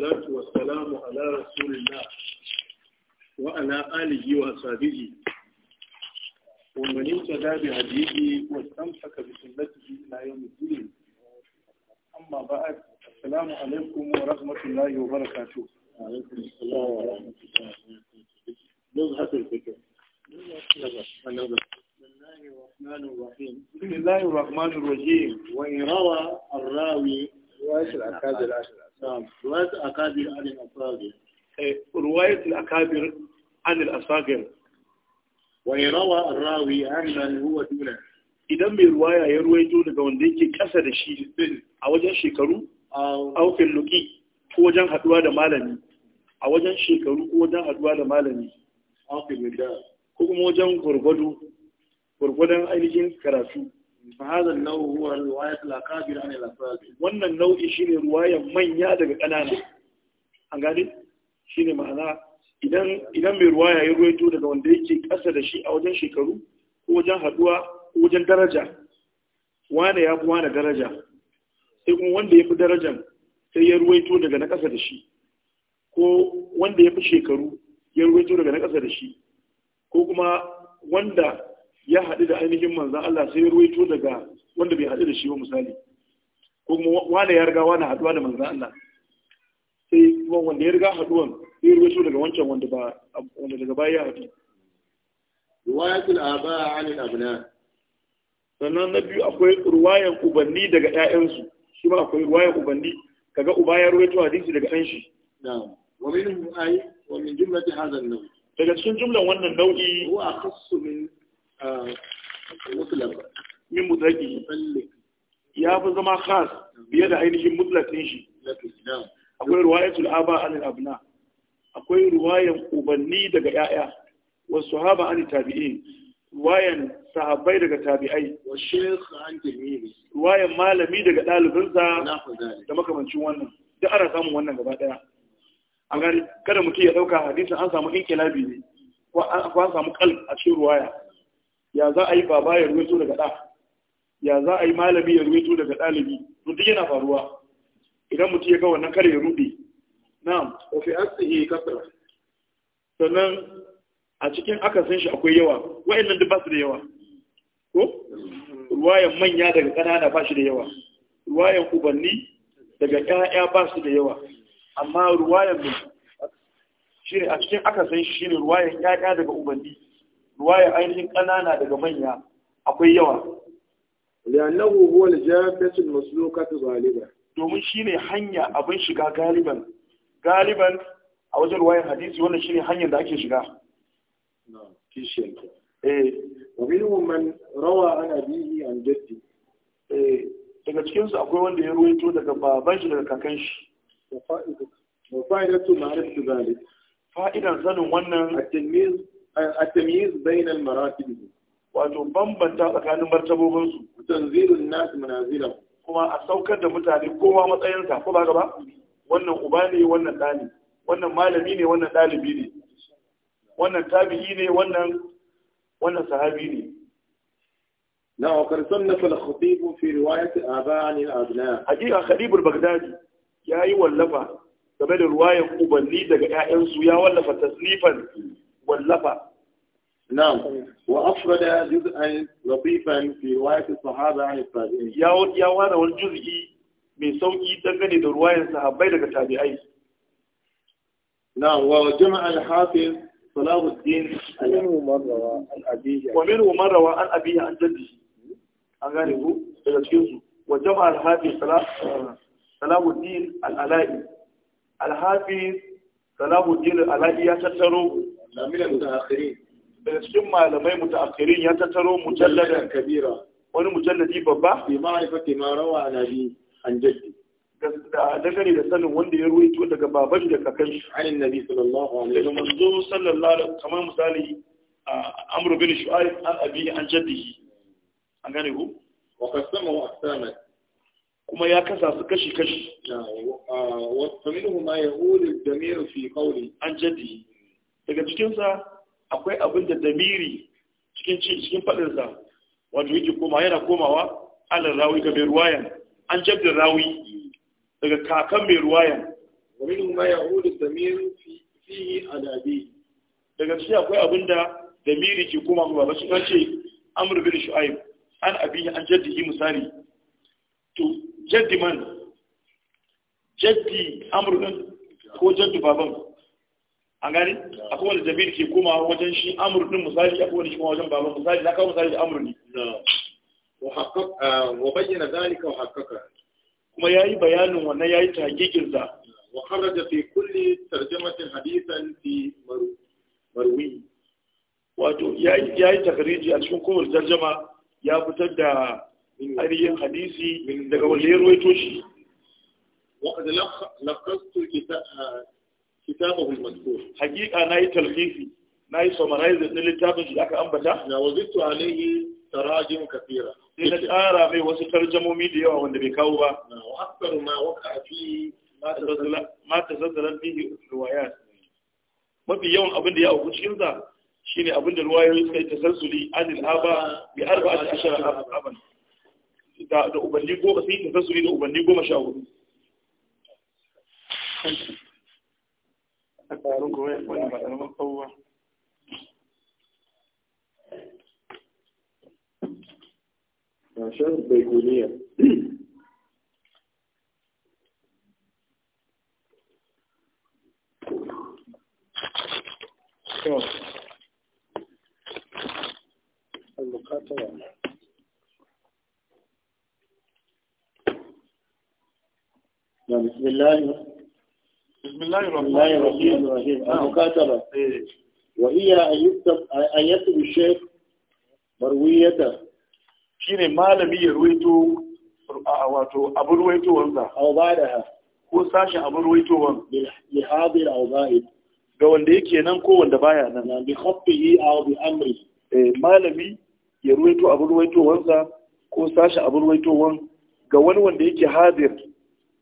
والصلاة والسلام على رسول الله وعلى آله وصحبه ومن اهتدى بهديه واستمسك بسنته إلى يوم الدين أما بعد السلام عليكم ورحمة الله وبركاته وعليكم السلام ورحمة الله وبركاته نزهة الفكر بسم الله الرحمن الرحيم بسم الله الرحمن الرحيم وإن روى الراوي رواية الأكاد العشر رواية الأكابر عن الأصاغر ويروى الراوي عن من هو دونه idan mai ruwaya ya ruwaito daga wanda yake kasa da shi a wajen shekaru luki ko wajen haduwa da malami a wajen shekaru ko wajen haduwa da malami ko kuma wajen gwargwado gwargwadon ainihin karatu فهذا النوع هو رواية الأكابر عن الأفراد wannan nau'i shine ruwaya manya daga ƙanana an shi shine ma'ana idan idan mai ruwaya ya ruwaito daga wanda yake ƙasa da shi a wajen shekaru ko wajen haduwa ko wajen daraja wane ya fi wane daraja sai kuma wanda ya fi darajan sai ya ruwaito daga na ƙasa da shi ko wanda ya fi shekaru ya ruwaito daga na ƙasa da shi ko kuma wanda ya haɗu da ainihin manzan Allah sai ruwaito daga wanda bai haɗu da shi ba misali ko kuma wani ya riga wani haɗuwa da manzan Allah sai kuma wanda ya riga haɗuwan sai ruwaito daga wancan wanda ba wanda daga baya ya haɗu riwayatul aba anil abna sannan na biyu akwai ruwayan ubanni daga su shi ma akwai ruwayan ubanni kaga uba ya ruwaito hadisi daga ɗan shi na'am wa minhu ay wa min jumlati hadha an-naw daga cikin jumlan wannan nau'i huwa akhassu min min mutlaki ya fi zama khas biye da ainihin mutlakin shi akwai a aba anil abna akwai ruwayan ubanni daga yaya wasu sahaba an tabi'in ruwayan sahabbai daga tabi'ai ruwayan malami daga ɗalibinsa da makamancin wannan da ana samun wannan gaba ɗaya an gari kada mutum ya ɗauka hadisin an samu inkilabi ne ko an samu kal a cikin ruwaya ya za a yi baba ya ruwaito daga ɗa ya za a yi malami ya ruwaito daga ɗalibi to duk yana faruwa idan mutum ya ga wannan kare ya ruɗe na'am wa fi asihi kasra sannan a cikin akasin shi akwai yawa wa'annan duk ba su da yawa ko ruwayan manya daga ƙanana ba shi da yawa ruwayan ubanni daga ƴaƴa ba su da yawa amma ruwayan mai shi ne a cikin akasin shi ne ruwayan ƴaƴa daga ubanni ruwaya ainihin ƙanana daga manya akwai yawa li'annahu huwa al-jafatu al-maslukatu ghaliban domin shine hanya abin shiga galiban galiban a wajen ruwayan hadisi wannan shine hanyar da ake shiga na'am kishin eh wa man rawa ana bihi an jaddi eh daga cikin su akwai wanda ya ruwaito daga baban shi daga kakan shi wa fa'idatu ma'rifatu zalik fa'idan sanin wannan at-tilmiz التمييز بين المراتب wato bambanta tsakanin martabobin su tanzilun nas manazilahum kuma a saukar da mutane kowa matsayinsa ko ba gaba wannan uba ne wannan ɗani wannan malami ne wannan ɗalibi ne wannan tabi'i ne wannan wannan sahabi ne na wakar sannafa al-khatib fi riwayat abani al-abna hakika khatib al-baghdadi yayi wallafa game da ruwayan ubanni daga ƴaƴansu ya wallafa taslifan wallafa نعم وأفرد جزءا لطيفا في رواية الصحابة عن التابعين يا يا وانا والجزء من سوقي دغني da ruwayan sahabbai daga tabi'ai نعم وجمع الحافظ صلاح الدين ومنه من روى عن أبيه ومنه من روى عن أبيه عن جده an gane ku daga cikin su wa jama'a al-hafiz salahuddin al-ala'i al-hafiz salahuddin al-ala'i ya tattaro lamilan da akhirin daga cikin malamai mutaakhirin ya tattaro mujalladan kabira wani mujalladi babba bi ma'rifati ma rawa anabi an jaddi da dangane da sanin wanda ya ruwaito daga baban da kakan shi anin nabi sallallahu alaihi wasallam manzo sallallahu alaihi kamar misali amru bin shu'aib an abi an jaddihi an gane ku wa qasamahu aqsaman kuma ya kasa su kashi kashi wa minhu ma yaqulu ad-damir fi qawli an jaddihi daga cikin sa akwai abin da damiri cikin cikin faɗinsa wato yake koma yana komawa alal rawi ga mai ruwayan an jabda rawi daga kakan mai ruwayan ومن ما يعود الضمير فيه fi adabi daga cikin akwai abin da damiri ke koma zuwa ba cikin ce amr bin shu'aib an abi an jaddi yi misali to jaddi man jaddi amr ko jaddi baban an gani akwai wanda jabir ke koma wajen shi amur din misali akwai wanda shi kuma wajen baban misali na kawo misali da amur ne wa bayyana zalika wa haqqaqa kuma ya yi bayanin wannan ya yi ta tahqiqin sa wa kharaja fi kulli tarjamatin hadisan fi marwi wato ya yi takariji a cikin kowace tarjama ya fitar da ainihin hadisi daga wanda ya ruwaito shi wa qad laqastu kitab kitabahul mazkur haqiqa nayi talhifi nayi summarize din littafin shi aka ambata na wazitu alayhi tarajim kathira ina tsara mai wasu tarjamomi da yawa wanda bai kawo ba wa aktaru ma waqa fi ma tasaddala bihi riwayat mafi yawan abin da ya auku cikin sa shine abin da riwayoyi suka yi tasassuli anil aba bi arba'ati ashara aban da ubanni goma sai tasassuli da ubanni goma sha hudu Thank you. tsakarin gowa ya kwani ba ƙaramin tsawo ba shan baikuniya المقاطعة بسم الله بسم الله الرحمن الرحيم a وهي أن يكتب الشيخ مرويته شيني مالمي يرويته wato abin ruwaitowansa ko sashen abin ruwaitawan lihabir auba'id ga wanda yake nan ko wanda baya nan Na bi a wa bi amri eh, malami ya ruwaito ruwaito ruwaitowansa ko sashen ruwaito ruwaitawan ga wani wanda yake haɗe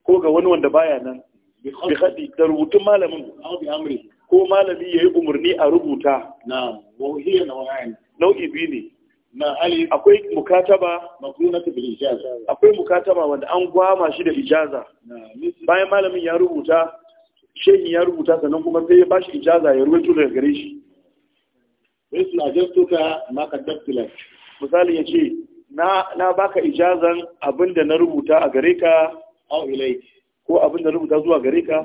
ko ga wani wanda baya nan bi da rubutun malamin ko malami ya yi umarni a rubuta na wahiyar nau'i biyu ne akwai mukataba akwai mukataba wanda an gwama shi da ijaza bayan malamin ya rubuta shehi ya rubuta sannan kuma sai ya bashi ijaza ya rubuta daga gare shi misali ya ce, na baka ijazan abinda na rubuta a gare ka au ilaiki ko abin da rubuta zuwa gare ka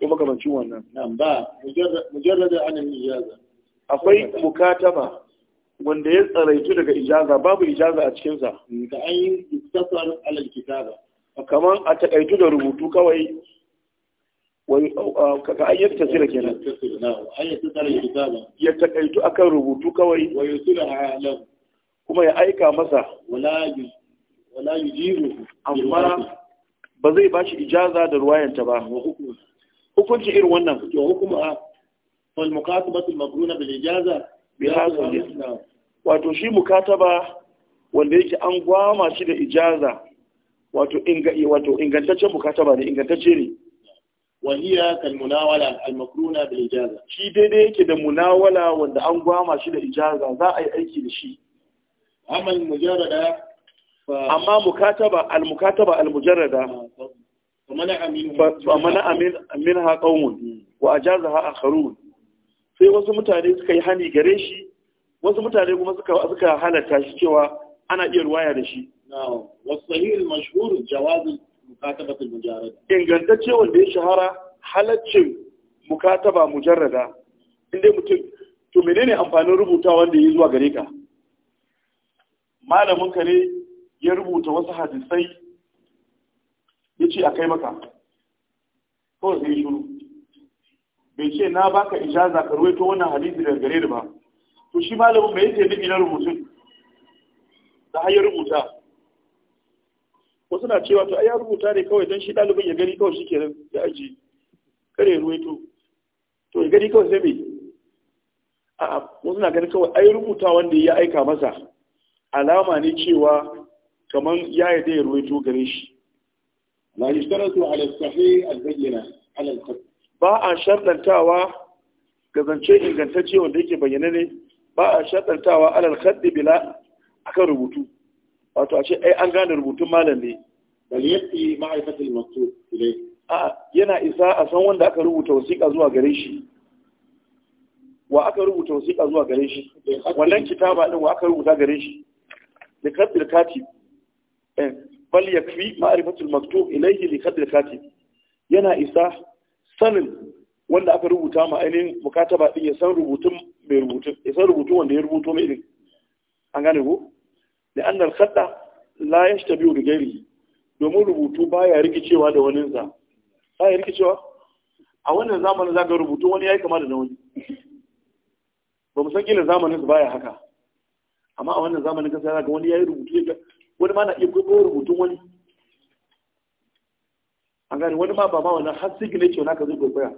ko makamancin wannan nan ba mujarrada an ijaza akwai mukataba wanda ya tsaraitu daga ijaza babu ijaza a cikin sa ka an yi duktasar alal kitaba kamar a takaitu da rubutu kawai wai ka an yi tasira kenan ya takaitu akan rubutu kawai kuma ya aika masa wala yujiru amma ba zai ba shi ijaza da ruwayanta ba hukunci irin wannan ya hukuma wal mukatabatul mabruna bil ijaza bi hadha wato shi mukataba wanda yake an gwama shi da ijaza wato inga wato ingantaccen mukataba ne ingantacce ne wa hiya kal munawala al na bil ijaza shi daidai yake da munawala wanda an gwama shi da ijaza za a yi aiki da shi amal mujarrada amma mukataba al-mukataba al-mujarrada mana amin ha qaumun wa ajazaha ha akharun sai wasu mutane suka yi hani gare shi wasu mutane kuma suka suka halatta shi cewa ana iya ruwaya da shi na'am wasahih al-mashhur jawaz mukataba al-mujarrada ingantacce wanda ya shahara halaccin mukataba mujarrada inda mutum to menene amfanin rubuta wanda ya zuwa gare ka malamin ka ne ya rubuta wasu hadisai ya ce a kai maka kawai sai shuru bai ce na baka ijaza ka ruwaito wannan hadisi daga gare da ba to shi malamin mai yake nufi na rubutun da har ya rubuta wasu na cewa to ai ya rubuta ne kawai don shi ɗalibin ya gani kawai shi ke nan, ya aji kare ya ruwaito to ya gani kawai sai bai a'a wasu na gani kawai ai rubuta wanda ya aika masa alama ne cewa kaman ya yi da ya ruwaito gare shi la yushtaratu ala sahih al-bayyina ala al ba a shartantawa ga zance ingantacce wanda yake bayyana ne ba a shartantawa ala al-khadd bila akan rubutu wato a ce ai an gane rubutun malam ne bal yafi ma'rifatu al-maktub ilayhi a yana isa a san wanda aka rubuta wasiƙa zuwa gare shi wa aka rubuta wasiƙa zuwa gare shi wannan kitaba din wa aka rubuta gare shi da katbil katib Eh, bal yakfi ma'rifatul maktub ilayhi li qadri katib yana isa sanin wanda aka rubuta ma ainihin mukataba din ya san rubutun mai rubutun ya san rubutun wanda ya rubuto mai din an gane ko da annal khadda la yashtabiu bi ghairi domin rubutu baya rikicewa da wani sa baya rikicewa a wannan zamanin zaka rubutu wani yayi kama da na wani ba mu san kila zamanin su baya haka amma a wannan zamanin kasa zaka wani yayi rubutu wani ma na iya kwaikwayo rubutun wani A gani wani ma ba ma wani har signature naka zai kwaikwaya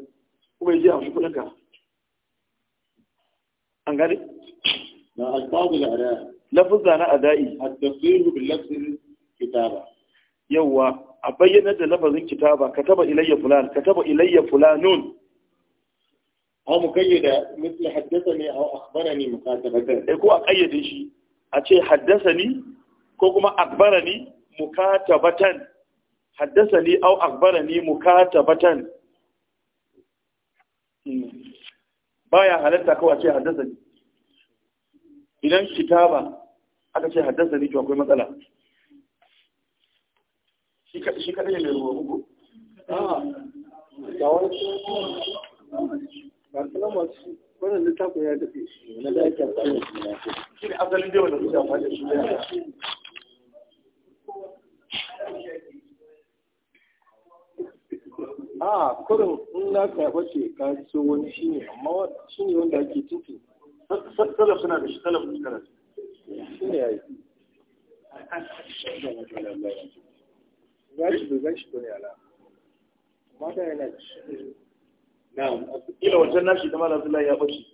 kuma ya je a shi kudin ka an gani na alfawu da ada lafuzza na adai a tafsiru da lafzin kitaba yauwa a bayyana da lafazin kitaba Ka taba ilayya fulan taba ilayya fulanun aw mukayyada misli ne aw akhbarani mukatabatan eh ko a kayyade shi a ce haddasa ni. ko kuma akbarani mukatabatan haddasani au akbarani mukatabatan hmm. baya halatta kawai ce haddasani idan kitaba aka ce haddasani to akwai matsala shi kadai ne mai ruwa uku ah. wannan littafin ya dafe shi ne asalin da wanda kuka amfani da shi a kurin in na karɓa ce ka so wani shi ne amma shi ne wanda ake titi talaf suna da shi talaf suna da shi ne ya yi gashi bai gashi ba ne ala mata yana da shi na ila wajen nashi da malam zula ya bace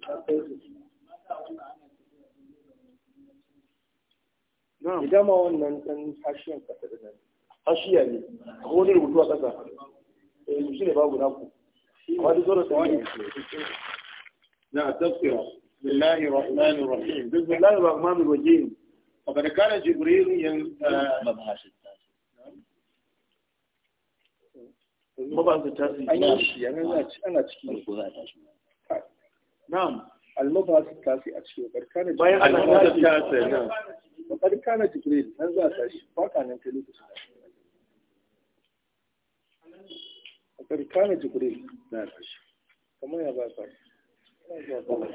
idan ma wannan dan hashiyan kasa da nan hashiya ne akwai wani rubutu a ƙasa yanzu shi ne babu naku wani zuwa da wani na tafsira bismillahir rahmanir rahim bismillahir rahmanir كان جبريل ين مبحث آه، مبحث نعم, نعم. نعم. المبحث التاسع أتكي وقد كان جبريل المبحث التاسي وقد نعم. كان جبريل هذا تاشي فقط أنا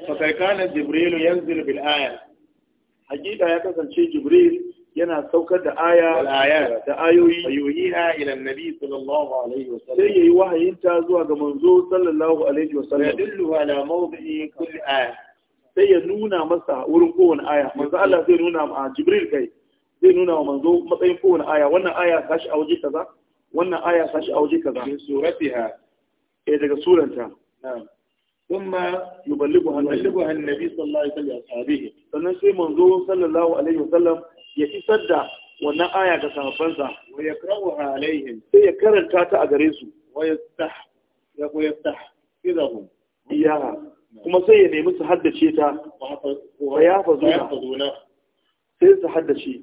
فكان جبريل ينزل بالآية حقيقة يا كسن شيء جبريل ينا سوك آية. الآية الآية الآيوي إلى النبي صلى الله عليه وسلم سيئي وحي انت أزوها منزول صلى الله عليه وسلم يدله على موضع كل آية سيئ نونا مسا ورنقون آية مسا الله سيئ نونا مع جبريل كي سيئ نونا ومنزول مطين فون آية وانا آية خش أو جيتها wannan aya shi a waje kaza min suratiha eh daga suranta kuma yuballigu yuballighuha yuballigu an-nabi sallallahu alaihi wasallam ashabihi sannan sai manzo sallallahu alaihi wasallam ya isar da wannan aya ga sahabbansa wa yakrahuha alaihim sai ya karanta ta a gare su wa yastah ya ko yastah idahum iyaha kuma sai ya nemi su haddace ta wa yafazuna sai su haddace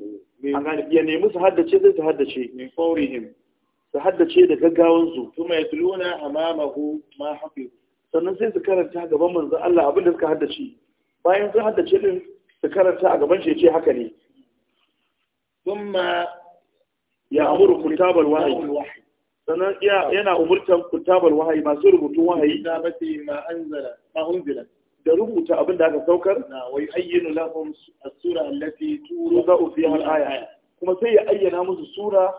ya nemi su haddace sai su haddace min fawrihim ta haddace da gaggawansu kuma ya tuluna mamahu ma hafi sannan sai su karanta gaban manzan Allah abin da suka haddace bayan sun haddace din su karanta a gaban shi ce haka ne ma ya amuru kuntabar wahayi. sannan yana umurtan kuntabar wahayi, masu rubutun wahayi na mace ma anzara. ma da rubuta abin da aka saukar na wai ayyana lafon asura sura turu za'u fiha aya kuma sai ya ayyana musu sura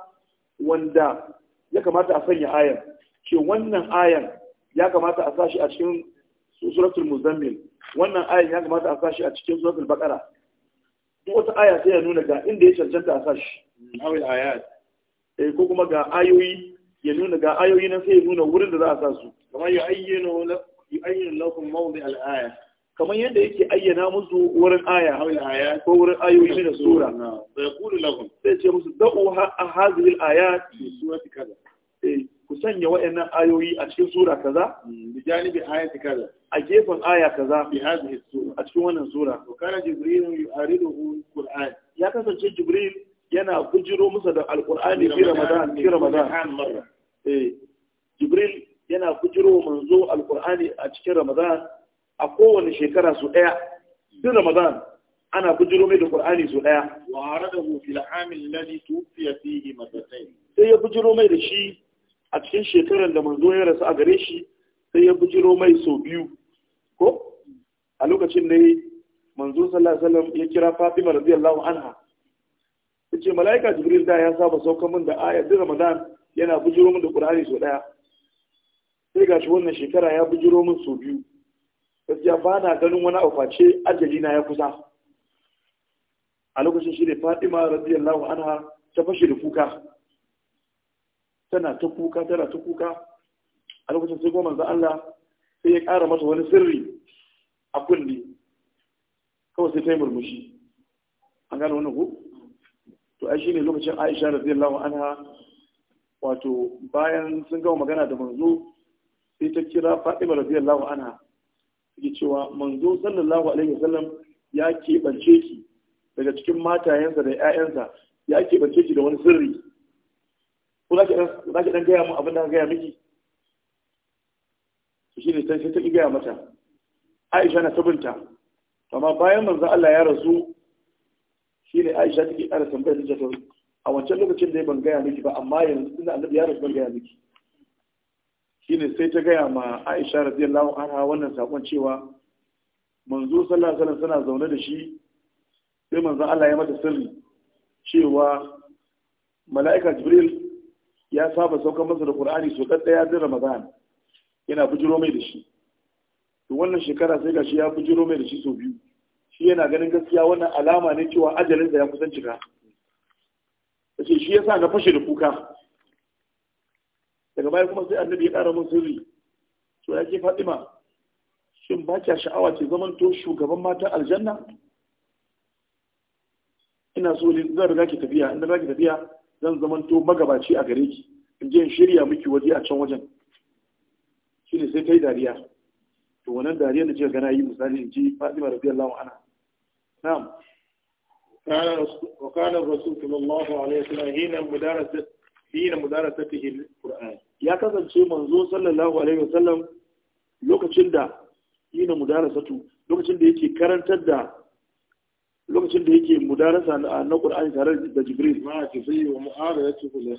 wanda ya kamata a sanya ayan ce wannan ayan ya kamata a sashi a cikin suratul muzammil wannan ayan ya kamata a sashi a cikin suratul baqara duk wata aya sai ya nuna ga inda ya cancanta a sashi hawai ayat eh ko kuma ga ayoyi ya nuna ga ayoyi nan sai ya nuna wurin da za a sa su kamar ya ayyana lakum mawdi al-aya kamar yadda yake ayyana musu wurin aya ko wurin ayoyi da sura fa sai ce musu da'u hadhihi al-ayat fi surati kaza eh, ku sanya wa'annan ayoyi a cikin sura kaza mm, bi janibi ayati kaza a gefen aya kaza bi hadhihi sura a cikin wannan sura to kana jibril yu'aridu al-qur'an ya kasance jibril yana gujiro masa da al fi ramadan fi ramadan eh jibril yana bujiro manzo al a cikin ramadan a kowane shekara su ɗaya duk ramadan ana bujiro mai da qur'ani su ɗaya wa aradahu fil aam alladhi tufiya fihi marratayn sai ya bujiro mai da shi a cikin shekarar da manzo ya rasu a gare shi sai ya bujiro mai sau biyu ko a lokacin ne manzo sallallahu alaihi wasallam ya kira Fatima radiyallahu anha tace malaika Jibril da ya saba saukar min da aya duk Ramadan yana bujiro min da Qur'ani su ɗaya, sai gashi wannan shekara ya bujiro min sau biyu gaskiya ba na ganin wani abu face ajali na ya kusa a lokacin shi ne fatima radiyallahu anha ta fashe da kuka tana ta kuka tana ta kuka a lokacin sai goma Allah sai ya ƙara masa wani sirri a kulli kawai sai ta yi murmushi an gane wani ku? to ai shi ne lokacin Aisha radiyallahu anha wato bayan sun gama magana da manzo sai ta kira Fatima radiyallahu anha yake cewa manzo sallallahu alaihi wasallam ya keɓance ki daga cikin matayensa da 'ya'yansa ya keɓance ki da wani sirri ko za ki ɗan gaya mu abin da gaya miki shi ne sai ta gaya mata aisha na tabunta amma bayan manzo Allah ya rasu shi ne aisha take ƙara tambayar ta a wancan lokacin da ban gaya miki ba amma yanzu ina annabi ya rasu ban gaya miki shine sai ta gaya ma Aisha radiyallahu anha wannan sakon cewa manzo sallallahu alaihi wasallam suna zaune da shi sai manzo Allah ya mata sirri cewa mala'ika Jibril ya saba saukar masa da Qur'ani so kadda din Ramadan yana bujiro mai da shi to wannan shekara sai gashi ya bujiro mai da shi so biyu shi yana ganin gaskiya wannan alama ne cewa da ya kusan cika. shi yasa na fashe da kuka daga baya kuma sai annabi ya ƙara mun sirri to ya ke fatima shin ba kya sha'awa ce zaman to shugaban mata aljanna ina so ne zan riga ki tafiya inda za ki tafiya zan zaman to magabaci a gare ki in je in shirya miki waje a can wajen shine sai ta yi dariya to wannan dariya da kika gana yi misali in ji fatima radiyallahu anha na'am وكان الرسول صلى الله عليه وسلم حين مدارسته حين مدارسته القرآن ya kasance manzo sallallahu alaihi wasallam lokacin da yana mudarasatu lokacin da yake karantar da lokacin da yake mudarasa na Qur'ani tare da Jibril ma ta sai wa mu'arayatu kula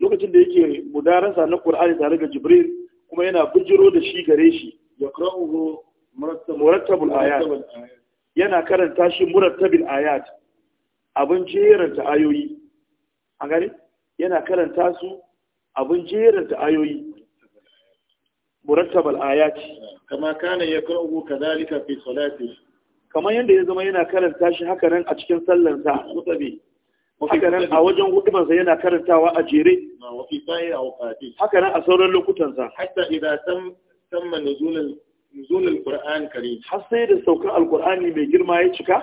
lokacin da yake mudarasa na Qur'ani tare da Jibril kuma yana bujiro da shi gare shi yaqra'uhu murattabul ayat yana karanta shi murattabul ayat abin jeranta ayoyi a gare yana karanta su abin jerar da ayoyi murattabal ayati kama kana yaqra'u kadhalika fi salati kamar yadda ya zama yana karanta shi haka nan a cikin sallar sa mutabi haka nan a wajen hudubar sa yana karantawa a jere haka nan a sauran lokutan sa hatta idan tamma nuzulul نزول القرآن الكريم حسيت سوكا القرآن mai girma ya cika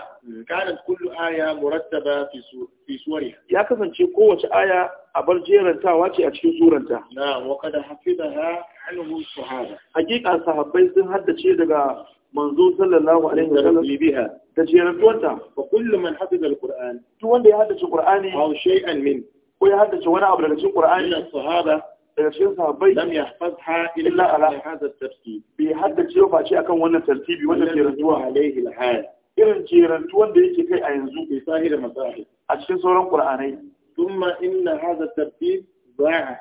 كانت كل آية مرتبة في في سورها يا kasance kowace aya a bar jerantawa ce a cikin suranta na'am wa kad hafizaha anhum sahaba hakika sahabbai sun haddace daga manzo sallallahu alaihi wa sallam biha da jerantuwanta wa kullu man hafiza alquran duk wanda ya haddace qur'ani aw shay'an min ko ya haddace wani abu daga cikin qur'ani sahaba daga cikin sahabbai lam yahfazha illa ala hadha tartib bi hadda ce ba ce akan wannan tartibi wanda ke rantuwa alaihi alhal irin ce rantuwan da yake kai a yanzu bi sahir masahib a cikin sauran qur'anai thumma inna hadha tartib ba'a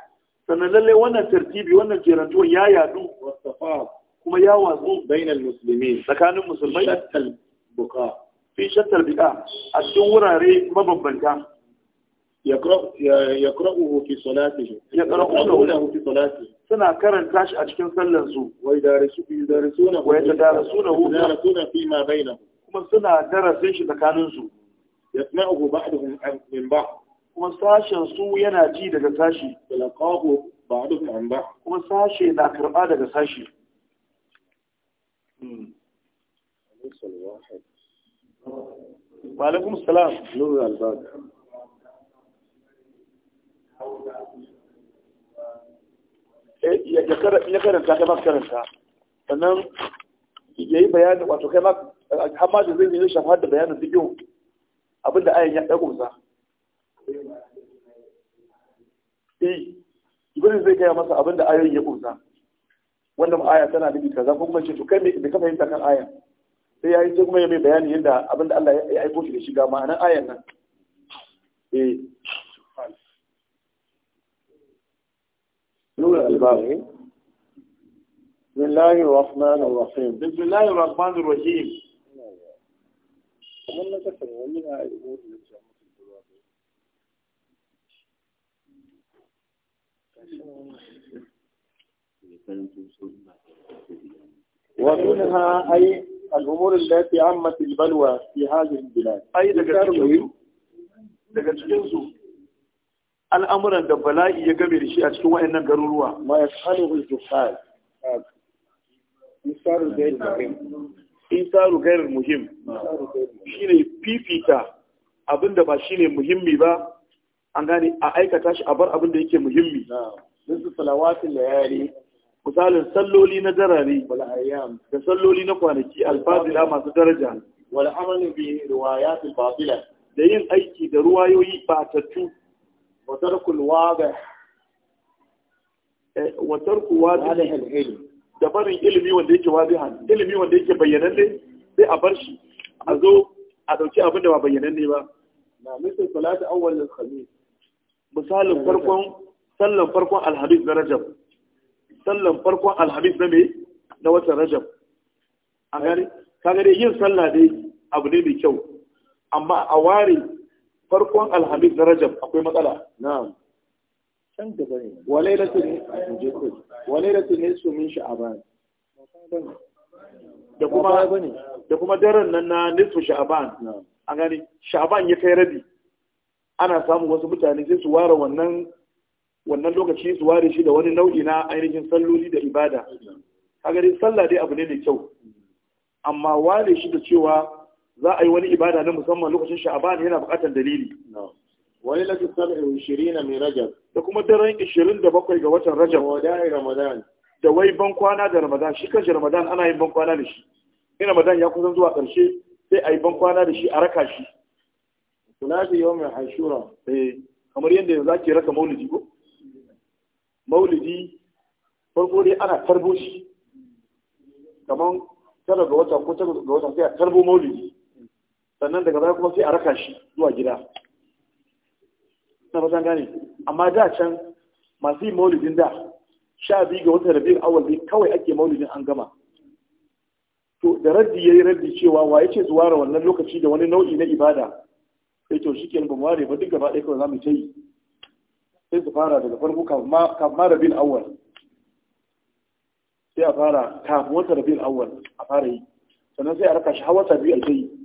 sannan lalle wannan tartibi wannan ce rantuwan ya yadu wasafa kuma ya wazu bainal muslimin tsakanin musulmai shattal buqa fi shattal bi'a a cikin wurare mabambanta يقرأه في صلاته يقرأونه في صلاته سنة كرن تاش أشكن صلى سو ويدارسونه ويتدارسونه فيما بينهم كما سنة درسيش تكانن سو يسمعه بعضهم من بعض كما ساشن سو يناجي دك ساشي تلقاه بعضهم عن بعض كما ساشي ناكرآ دك ساشي وعليكم السلام نور الباقر Eh, ya karanta ta maka karanta sannan ya yi bayani wato kai maka hamadu da zai yi shafa da bayanin bidiyo abinda ayan ya ɗagunsa eh ibrahim zai gaya masa abinda ayoyin ya ƙunsa wannan aya tana da kaza ko kuma ce to kai me ka fahimta kan aya sai ya yi sai kuma ya mai bayani yadda abinda Allah ya aiko shi da shiga ma'anar ayan nan eh الباغي بسم الله الرحمن الرحيم بسم الله الرحمن الرحيم ومنها أي الأمور التي عمت البلوى في هذه البلاد أي دقيقة دقيقة al'amuran da bala'i ya game da shi a cikin wayannan garuruwa ma ya salu al-jufal isaru gairu muhim isaru gairu muhim shine fifita abinda ba shine muhimmi ba an gane a aikata shi a bar abin abinda yake muhimmi nisu salawatin layali misalin salloli na darare da salloli na kwanaki alfazila masu daraja wal amalu bi riwayatil batila da yin aiki da ruwayoyi ba batattu wa tarkul wadih wa tarku da barin ilimi wanda yake wadihan ilimi wanda yake bayyananne sai a bar shi a zo a dauki abin da ba bayyananne ba na misal salatu awwal al misalin farkon sallan farkon alhamis na rajab sallan farkon alhamis na me na watan rajab a gani ka gani yin sallah dai abu ne mai kyau amma a wari. farkon alhamis na rajab akwai matsala na'am can gaba ne wa lailatul ce ne su min sha'ban da kuma da kuma daren nan na nisfu sha'ban an gani sha'ban ya kai rabi ana samun wasu mutane sai su ware wannan wannan lokaci su ware shi da wani nau'i na ainihin salloli da ibada kaga dai sallah dai abu ne mai kyau amma ware shi da cewa za a yi wani ibada na musamman lokacin sha'aban yana bukatar dalili wani lafi sab'in shirina mai rajar da kuma daren ishirin da bakwai ga watan rajar wa da'i ramadan da wai ban kwana da ramadan shi kan ramadan ana yin ban kwana da shi in ramadan ya kusan zuwa ƙarshe sai a yi ban kwana da shi a raka shi kula da yawon mai hashura eh kamar yadda yanzu ake raka maulidi ko maulidi farko dai ana tarbo shi kamar tara ga wata ko tara ga wata sai a tarbo maulidi sannan daga baya kuma sai a raka shi zuwa gida na fasan gane amma da can masu yi maulidin da sha biyu ga wata rabin awal ne kawai ake maulidin an gama to da raddi ya yi raddi cewa wa ce su ware wannan lokaci da wani nau'i na ibada sai eh to shi ke ba ware ba duk gaba ɗaya kawai mu ta yi sai su fara daga farko kafin ma rabi'ul awal sai a fara kafin wata rabin awal a fara yi sannan sai a raka shi hawa sabi biyu a ta yi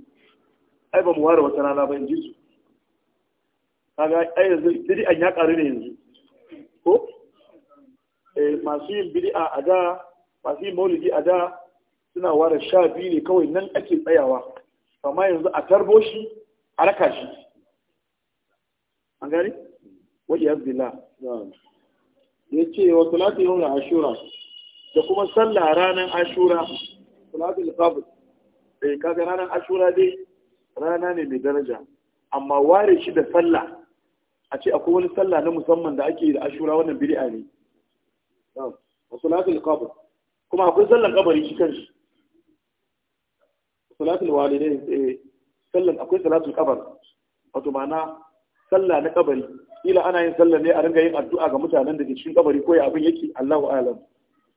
ai ba mu ware wata rana ba in ji su kaga ai yanzu an ya karu ne yanzu ko eh masu yin bid'a a da masu yin maulidi a da suna ware sha biyu ne kawai nan ake tsayawa amma yanzu a tarbo shi a raka shi an gani wani ya zila ya ce wa salatu yau da ashura da kuma sallah ranar ashura salatul da eh kaga ranar ashura dai rana ne mai daraja amma ware shi da sallah a ce akwai wani sallah na musamman da ake yi da ashura wannan bid'a ne wa salatul qabr kuma akwai sallar kabari shi kanshi salatul walidain eh sallan akwai salatul qabr wato ma'ana sallah na kabari ila ana yin sallah ne a ringa yin addu'a ga mutanen da ke cikin kabari ko ya abin yake Allahu a'lam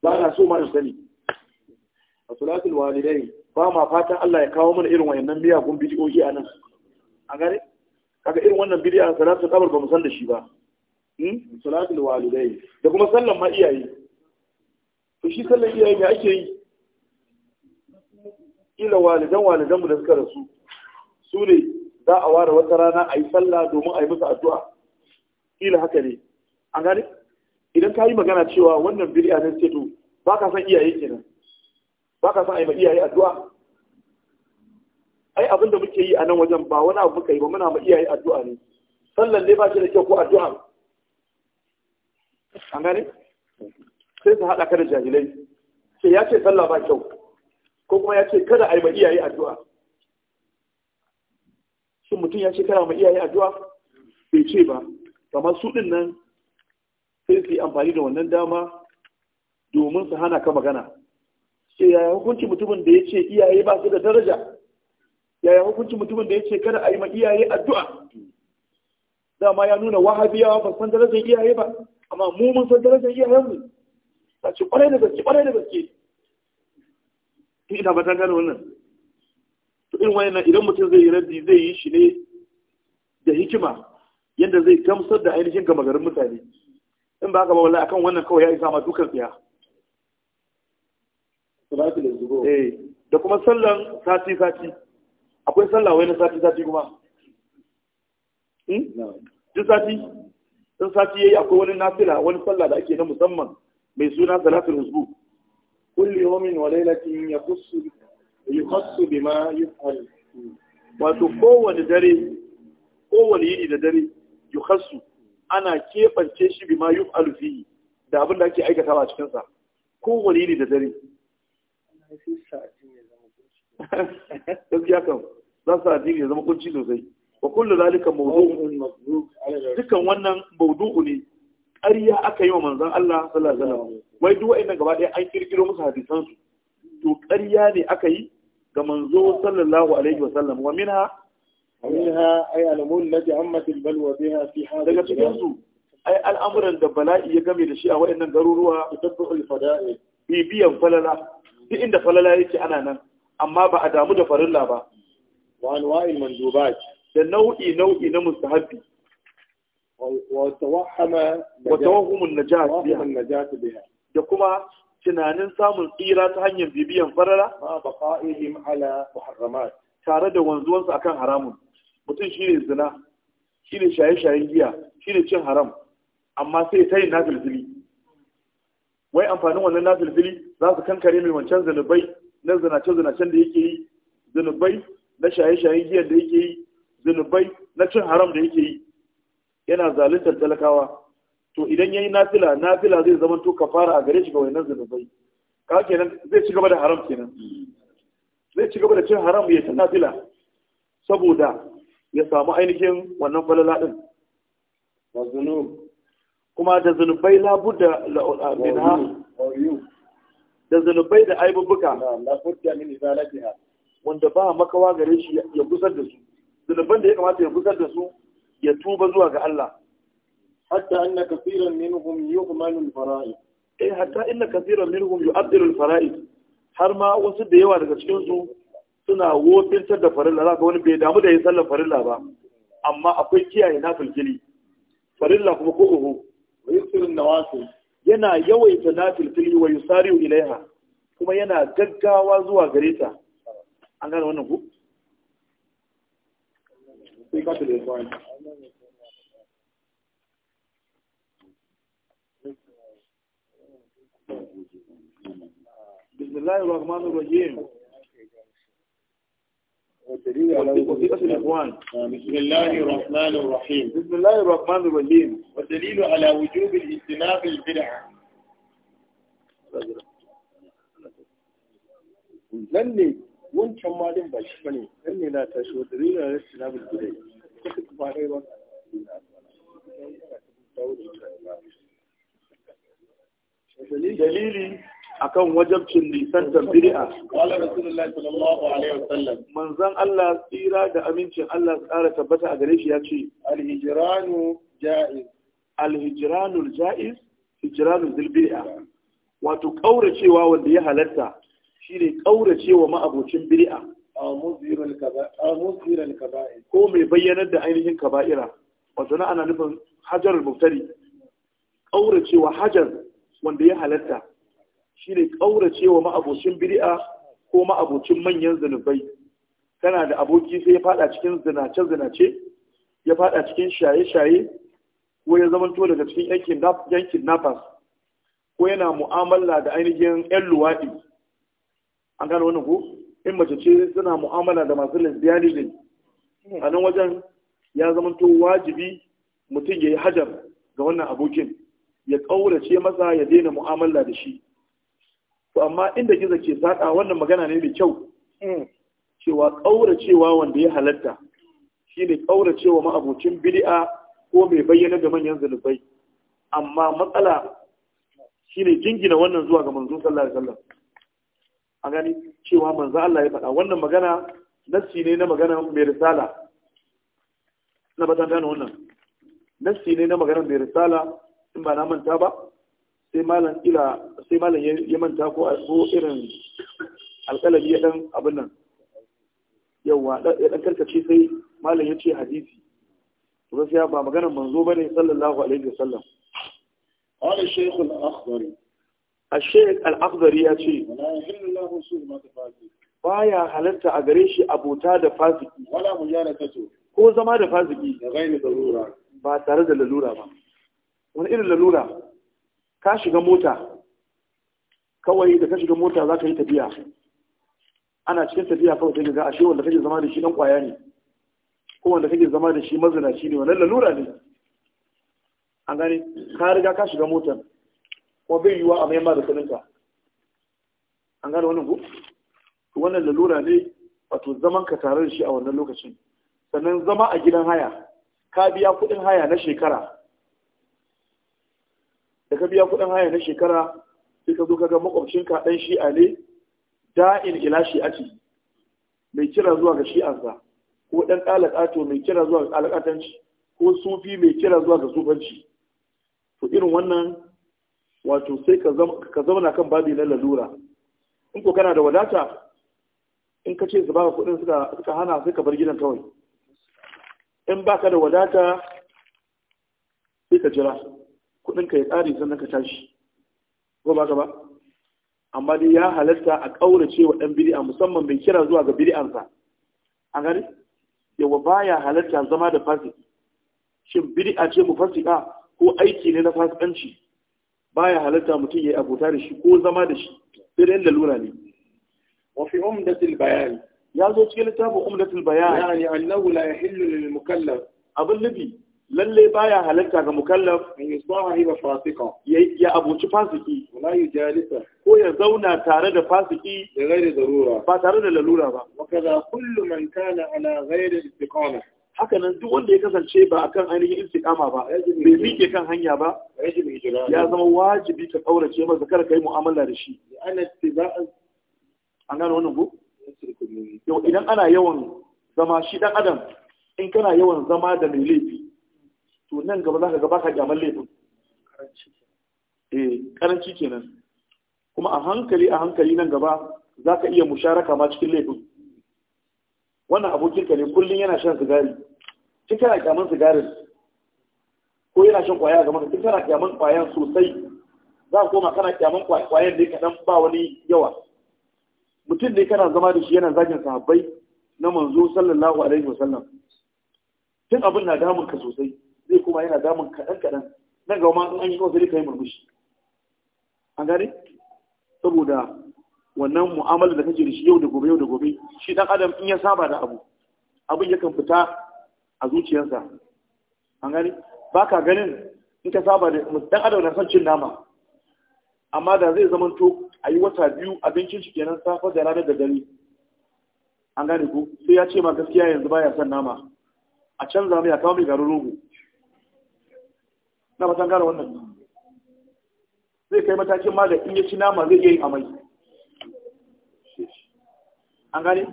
ba na so ma in sani wa salatul walidain ba ma fatan Allah ya kawo mana irin wayannan miyagun bidiyoyi a nan a gare kaga irin wannan bidiya salatu kabar ba mu san da shi ba hmm salatul walidai da kuma sallan ma iyaye to shi sallan iyaye ne ake yi ila walidan walidan mu da suka rasu su ne za a ware wata rana a yi sallah domin a yi musu addu'a ila haka ne A gare idan ka yi magana cewa wannan bidiya ne sai to ba ka san iyaye kenan ba ka san ai ma iyaye addu'a ai abin da muke yi a nan wajen ba wani abu muka yi ba muna ma iyaye addu'a ne sallan ne ba shi da kyau ko addu'a an gane sai su haɗa ka da jahilai sai ya ce sallah ba kyau ko kuma ya ce kada ai ma iyaye addu'a shin mutum ya ce kada ma iyaye addu'a bai ce ba kamar su ɗin nan sai su yi amfani da wannan dama domin su hana ka magana ce yaya hukunci mutumin da ya ce iyaye ba su da daraja yaya hukunci mutumin da ya ce kada a yi ma iyaye addu'a dama ya nuna wahabiyawa ba san darajar iyaye ba amma mu mun san darajar mu ta ce kwarai da gaske kwarai da gaske ina ba ta gane wannan to in wayannan idan mutum zai yi raddi zai yi shi ne da hikima yadda zai gamsar da ainihin gama garin mutane in ba haka ba wallahi akan wannan kawai ya isa ma dukan tsiya Eh, da kuma sallan sati sati akwai sallah wai na sati sati kuma hmm? duk sati sun sati ya yi akwai wani nafila wani sallah da ake na musamman mai suna salatul zuhur kulli yawmin wa laylatin yakhussu yakhussu bima yuf'al wato kowane dare kowane yini da dare yukhassu ana kebance shi bima yuf'alu fihi da abin da ake aikatawa a cikin sa kowane yini da dare gaskiya kan za su addini ya zama kunci sosai wa kullu zalika mawdu'un dukan wannan mawdu'u ne ƙarya aka yi wa manzon Allah sallallahu alaihi wasallam wai duk wa'annan gaba ɗaya an kirkiro musu hadisan su to ƙarya ne aka yi ga manzo sallallahu alaihi wasallam wa minha minha ay al-umur allati ammat al-balwa biha fi hadha daga cikin su ai al'amuran da bala'i ya game da shi a wa'annan garuruwa tatabbu al-fada'i bibiyan falala duk inda falala yake ana nan amma ba a damu da farilla ba wa anwa'il mandubat da nau'i nau'i na mustahabbi wa tawahhama wa tawahhumun najat biha najat biha da kuma tunanin samun tsira ta hanyar bibiyan farala ma baqa'ihim ala muharramat tare da wanzuwan su akan haramun mutum shi ne zina shi ne shaye-shayen giya shi ne cin haram amma sai ta yi nafilfili wai amfanin wannan nafilfili za su kankare mai wancan zanubai na zinace-zinacen da yake yi zanubai na shaye-shayen giyar da yake yi zanubai na cin haram da yake yi yana zaluntar talakawa to idan yayi nafila nafila zai zama to kafara a gare shi ga wannan zanubai ka kenan zai ci gaba da haram kenan zai ci gaba da cin haram ya ta nafila saboda ya samu ainihin wannan falala din wa zunub kuma da zunubai labudda ha da zunubai da aibubuka wanda ba makawa gare shi ya gusar da su zunuban da ya kamata ya gusar da su ya tuba zuwa ga Allah hatta anna kafiran minhum yuhmalu al-fara'id eh hatta inna kafiran minhum yu'addiru al-fara'id har ma wasu da yawa daga cikin su suna wofintar da farilla za ka wani bai damu da ya sallar farilla ba amma akwai kiyaye na fulgili farilla kuma ko uhu yusirun nawafil yana yawaita nafilfili wa yusari'u ilaiha kuma yana gaggawa zuwa gareta. ta الإخوان بسم الله الرحمن الرحيم بسم الله الرحمن الرحيم والدليل على وجوب الاجتناب البدعة لني ne wancan malin بشفني لني لا تشو دليل على tashi wata rina akan wajabcin nisantar bid'a qala rasulullahi sallallahu alaihi wasallam manzon Allah tsira da amincin Allah tsara tabbata a gare shi ya ce al ja'iz al-hijranu jaiz hijranu zil bid'a wato kauracewa wanda ya halatta shine kauracewa ma'abocin bid'a muzhiral kaba'ir ko mai bayyanar da ainihin kaba'ira wato na ana nufin hajarul muftari kauracewa hajar wanda ya halatta shine ƙaurace wa ma'abocin bid'a ko ma'abocin manyan zunubai kana da aboki sai ya fada cikin zinace zinace ya fada cikin shaye shaye ko ya zamanto daga cikin yankin nafas, ko yana mu'amala da ainihin yan luwaɗi an gano wani ko in mace ce suna mu'amala da masu ne? a nan wajen ya zamanto wajibi mutum ya yi hajar ga wannan abokin ya ƙaurace masa ya daina mu'amala da shi to amma inda gizo ke saka wannan magana ne mai kyau hmm. cewa ƙauracewa wanda ya halatta shine ƙauracewa ma'abocin bid'a ko mai bayyana da manyan zulubai amma matsala shine jingina wannan zuwa ga manzon sallallahu alaihi wasallam a gani cewa manzo Allah ya faɗa wannan magana nassi ne na magana mai risala na batan wannan nassi ne na magana mai risala in ba na manta ba sai malam ya manta ko irin alƙalami ya ɗan abin nan yawa ya ɗan karkace sai malam ya ce hadisi to gaskiya ba maganar manzo ne, sallallahu alaihi wasallam قال الشيخ الأخضري الشيخ الأخضري يا شيخ ولا يحل له baya halarta a gare shi abota da fasiki ko zama da fasiki ba tare da lalura ba wani irin lalura ka shiga mota kawai da ka shiga mota za ka yi tafiya ana cikin tafiya kawai sai ga ashe wanda kake zama da shi dan kwaya ne ko wanda kake zama da shi shi ne wannan lalura ne an gane ka riga ka shiga motar kuma bai yiwa a maimar da saninka an gane wannan ku wannan lalura ne wato zaman ka tare da shi a wannan lokacin sannan zama a gidan haya ka biya kuɗin haya na shekara da ka biya kuɗin haya na shekara sai ka zo ka ga makwabcinka ɗan shi'a ne da'in ila shi'ati mai kira zuwa ga shi'ansa ko ɗan ɗalaƙato mai kira zuwa ga ɗalaƙatanci ko sufi mai kira zuwa ga sufanci to irin wannan wato sai ka zauna kan babi na lalura in ko kana da wadata in ka ce su ba kuɗin suka hana sai ka bar gidan kawai in baka da wadata sai ka jira kudin ka ya tsari sannan ka tashi ko ba ka ba amma dai ya halatta a ƙaura wa ɗan bid'a musamman bai kira zuwa ga bid'ansa an gani yawa baya halatta zama da fasiki shin bid'a ce mu fasika ko aiki ne na fasikanci baya halatta mutum ya yi abota da shi ko zama da shi sai da lalura ne wa fi umdatil bayan ya zo cikin littafin umdatul bayan yani annahu la yahillu lil mukallaf abin nabi lalle baya halatta ga mukallaf in yusbaha hiba fasika ya abuci fasiki wala jalisa ko ya zauna tare da fasiki da gairi zarura ba tare da lalura ba wa kaza kullu man kana ala gairi istiqama haka nan duk wanda ya kasance ba akan ainihin istiqama ba bai miƙe kan hanya ba ya zama wajibi ka kaurace masa kar kai mu'amala da shi an gano wannan ko idan ana yawan zama shi dan adam in kana yawan zama da mai laifi to nan gaba za ka gaba ka gyaman laifin eh karanci kenan kuma a hankali a hankali nan gaba za ka iya musharaka ma cikin laifin wannan abokinka ne kullum yana shan sigari cikin kana gyaman sigarin ko yana shan kwaya ga cikin kana gyaman kwayan sosai za ka koma kana gyaman kwayan ne kaɗan ba wani yawa mutum ne kana zama da shi yana zagin sahabbai na manzo sallallahu alaihi wasallam tun abin na damunka sosai zai kuma yana damun kaɗan kaɗan nan gama in an yi kawai sai ka yi murmushi A gari saboda wannan mu'amala da kake da shi yau da gobe yau da gobe shi dan adam in ya saba da abu abin yakan fita a zuciyarsa an gane baka ganin in ka saba da dan adam na son cin nama amma da zai zama to a yi wata biyu abincin shi kenan safa da ranar da dare an gane ku sai ya ce ma gaskiya yanzu baya son nama a canza mai a kawo mai garin rogo na matan gane wannan zai kai matakin ma da in ya ci nama zai iya yin amai an gane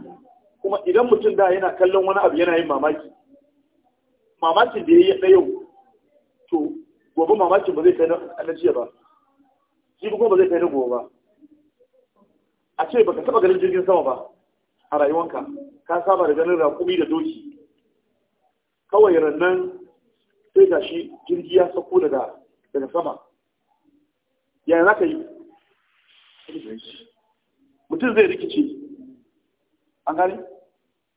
kuma idan mutum da yana kallon wani abu yana yin mamaki mamakin da ya yi yau to gobe mamakin ba zai kai na jiya ba shi kuma ba zai kai na gobe ba a ce baka taba ganin jirgin sama ba a rayuwanka ka saba da ganin rakumi da doki kawai rannan sai ga shi jirgi ya sauko daga daga sama yaya za ka yi mutum zai rikice an gani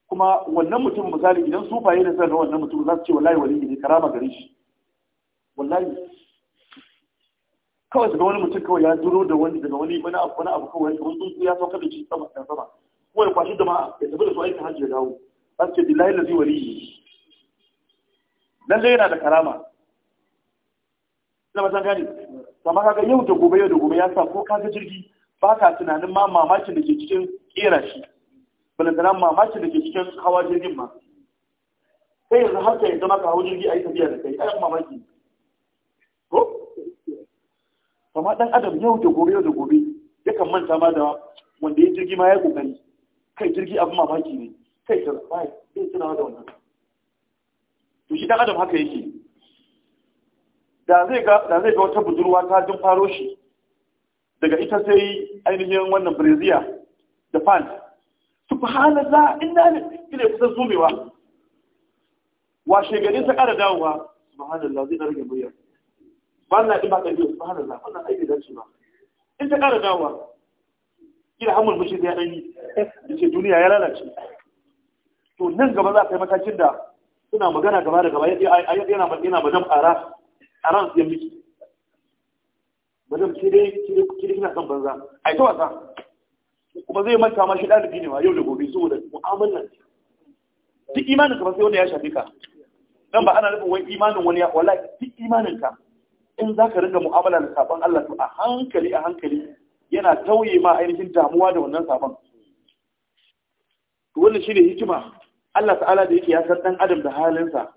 kuma wannan mutum misali idan sufaye da na wannan mutum za su ce wallahi wali ne karama gari shi wallahi kawai daga wani mutum kawai ya duro da wani daga wani wani abu wani abu kawai kamar tsuntsu ya sauka da shi sama sama kawai kwashi da ma ya tafi da su aikin hajji ya dawo za su ce billahi lazi wali zai yana da karama ina matan gani, sama amma kaga yau da gobe yau da gobe ya sa ko kaga jirgi ba ka tunanin ma mamakin da ke cikin kera shi balantana mamakin da ke cikin hawa jirgin ma sai yanzu har ka yanzu maka hawa jirgi a yi tafiya da kai ayan mamaki ko amma dan adam yau da gobe yau da gobe yakan manta ma da wanda ya jirgi ma ya kokari kai jirgi abin mamaki ne kai ta ba tunawa da wannan to shi dan adam haka yake da zai ga da zai ga wata budurwa ta jin faro shi daga ita sai ainihin wannan brazil da fan subhanallah inna ne kusan zumewa washe gari ta ƙara dawowa subhanallah zai rage muryar ba na ba ɗan biyu subhanallah ba na aiki da shi ba in ta ƙara dawowa ina hamul mushi ta yaɗanyi da ce duniya ya lalace to nan gaba za a kai matakin da suna magana gaba da gaba yana yana bajan a ran su ya miki bajan kire kina kan banza a ta wasa kuma zai manta ma shi ɗalibi ne ma yau da gobe saboda mu'amalan duk imanin ka sai wanda ya shafi ka dan ba ana nufin wai imanin wani ya wallahi duk imanin ka in za ka ringa mu'amala da sabon Allah to a hankali a hankali yana tauye ma ainihin damuwa da wannan sabon to wannan shine hikima Allah ta'ala da yake ya san dan adam da halinsa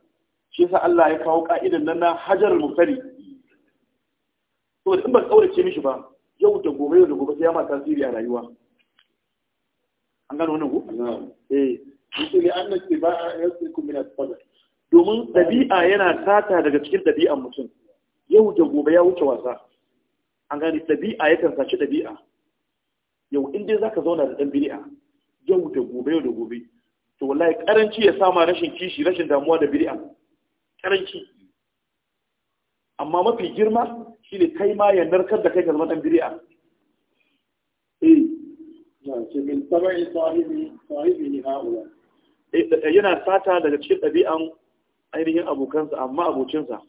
shi yasa Allah ya kawo ka'idan nan na hajar mutari to in ba kaurace mishi ba yau da gobe yau da gobe sai ya ma tasiri a rayuwa an gano wannan ko eh ne. sai ce ba ya ce kuma ina tsada domin dabi'a yana sata daga cikin dabi'an mutum yau da gobe ya wuce wasa an gane dabi'a yakan sace dabi'a yau in dai zaka zauna da dan bid'a yau da gobe yau da gobe to wallahi karanci ya sama rashin kishi rashin damuwa da bid'a karanci amma mafi girma shine kai ma ya narkar da kai ka zama dan bid'a eh yana sata daga cikin ɗabi'an ainihin abokansa amma abocinsa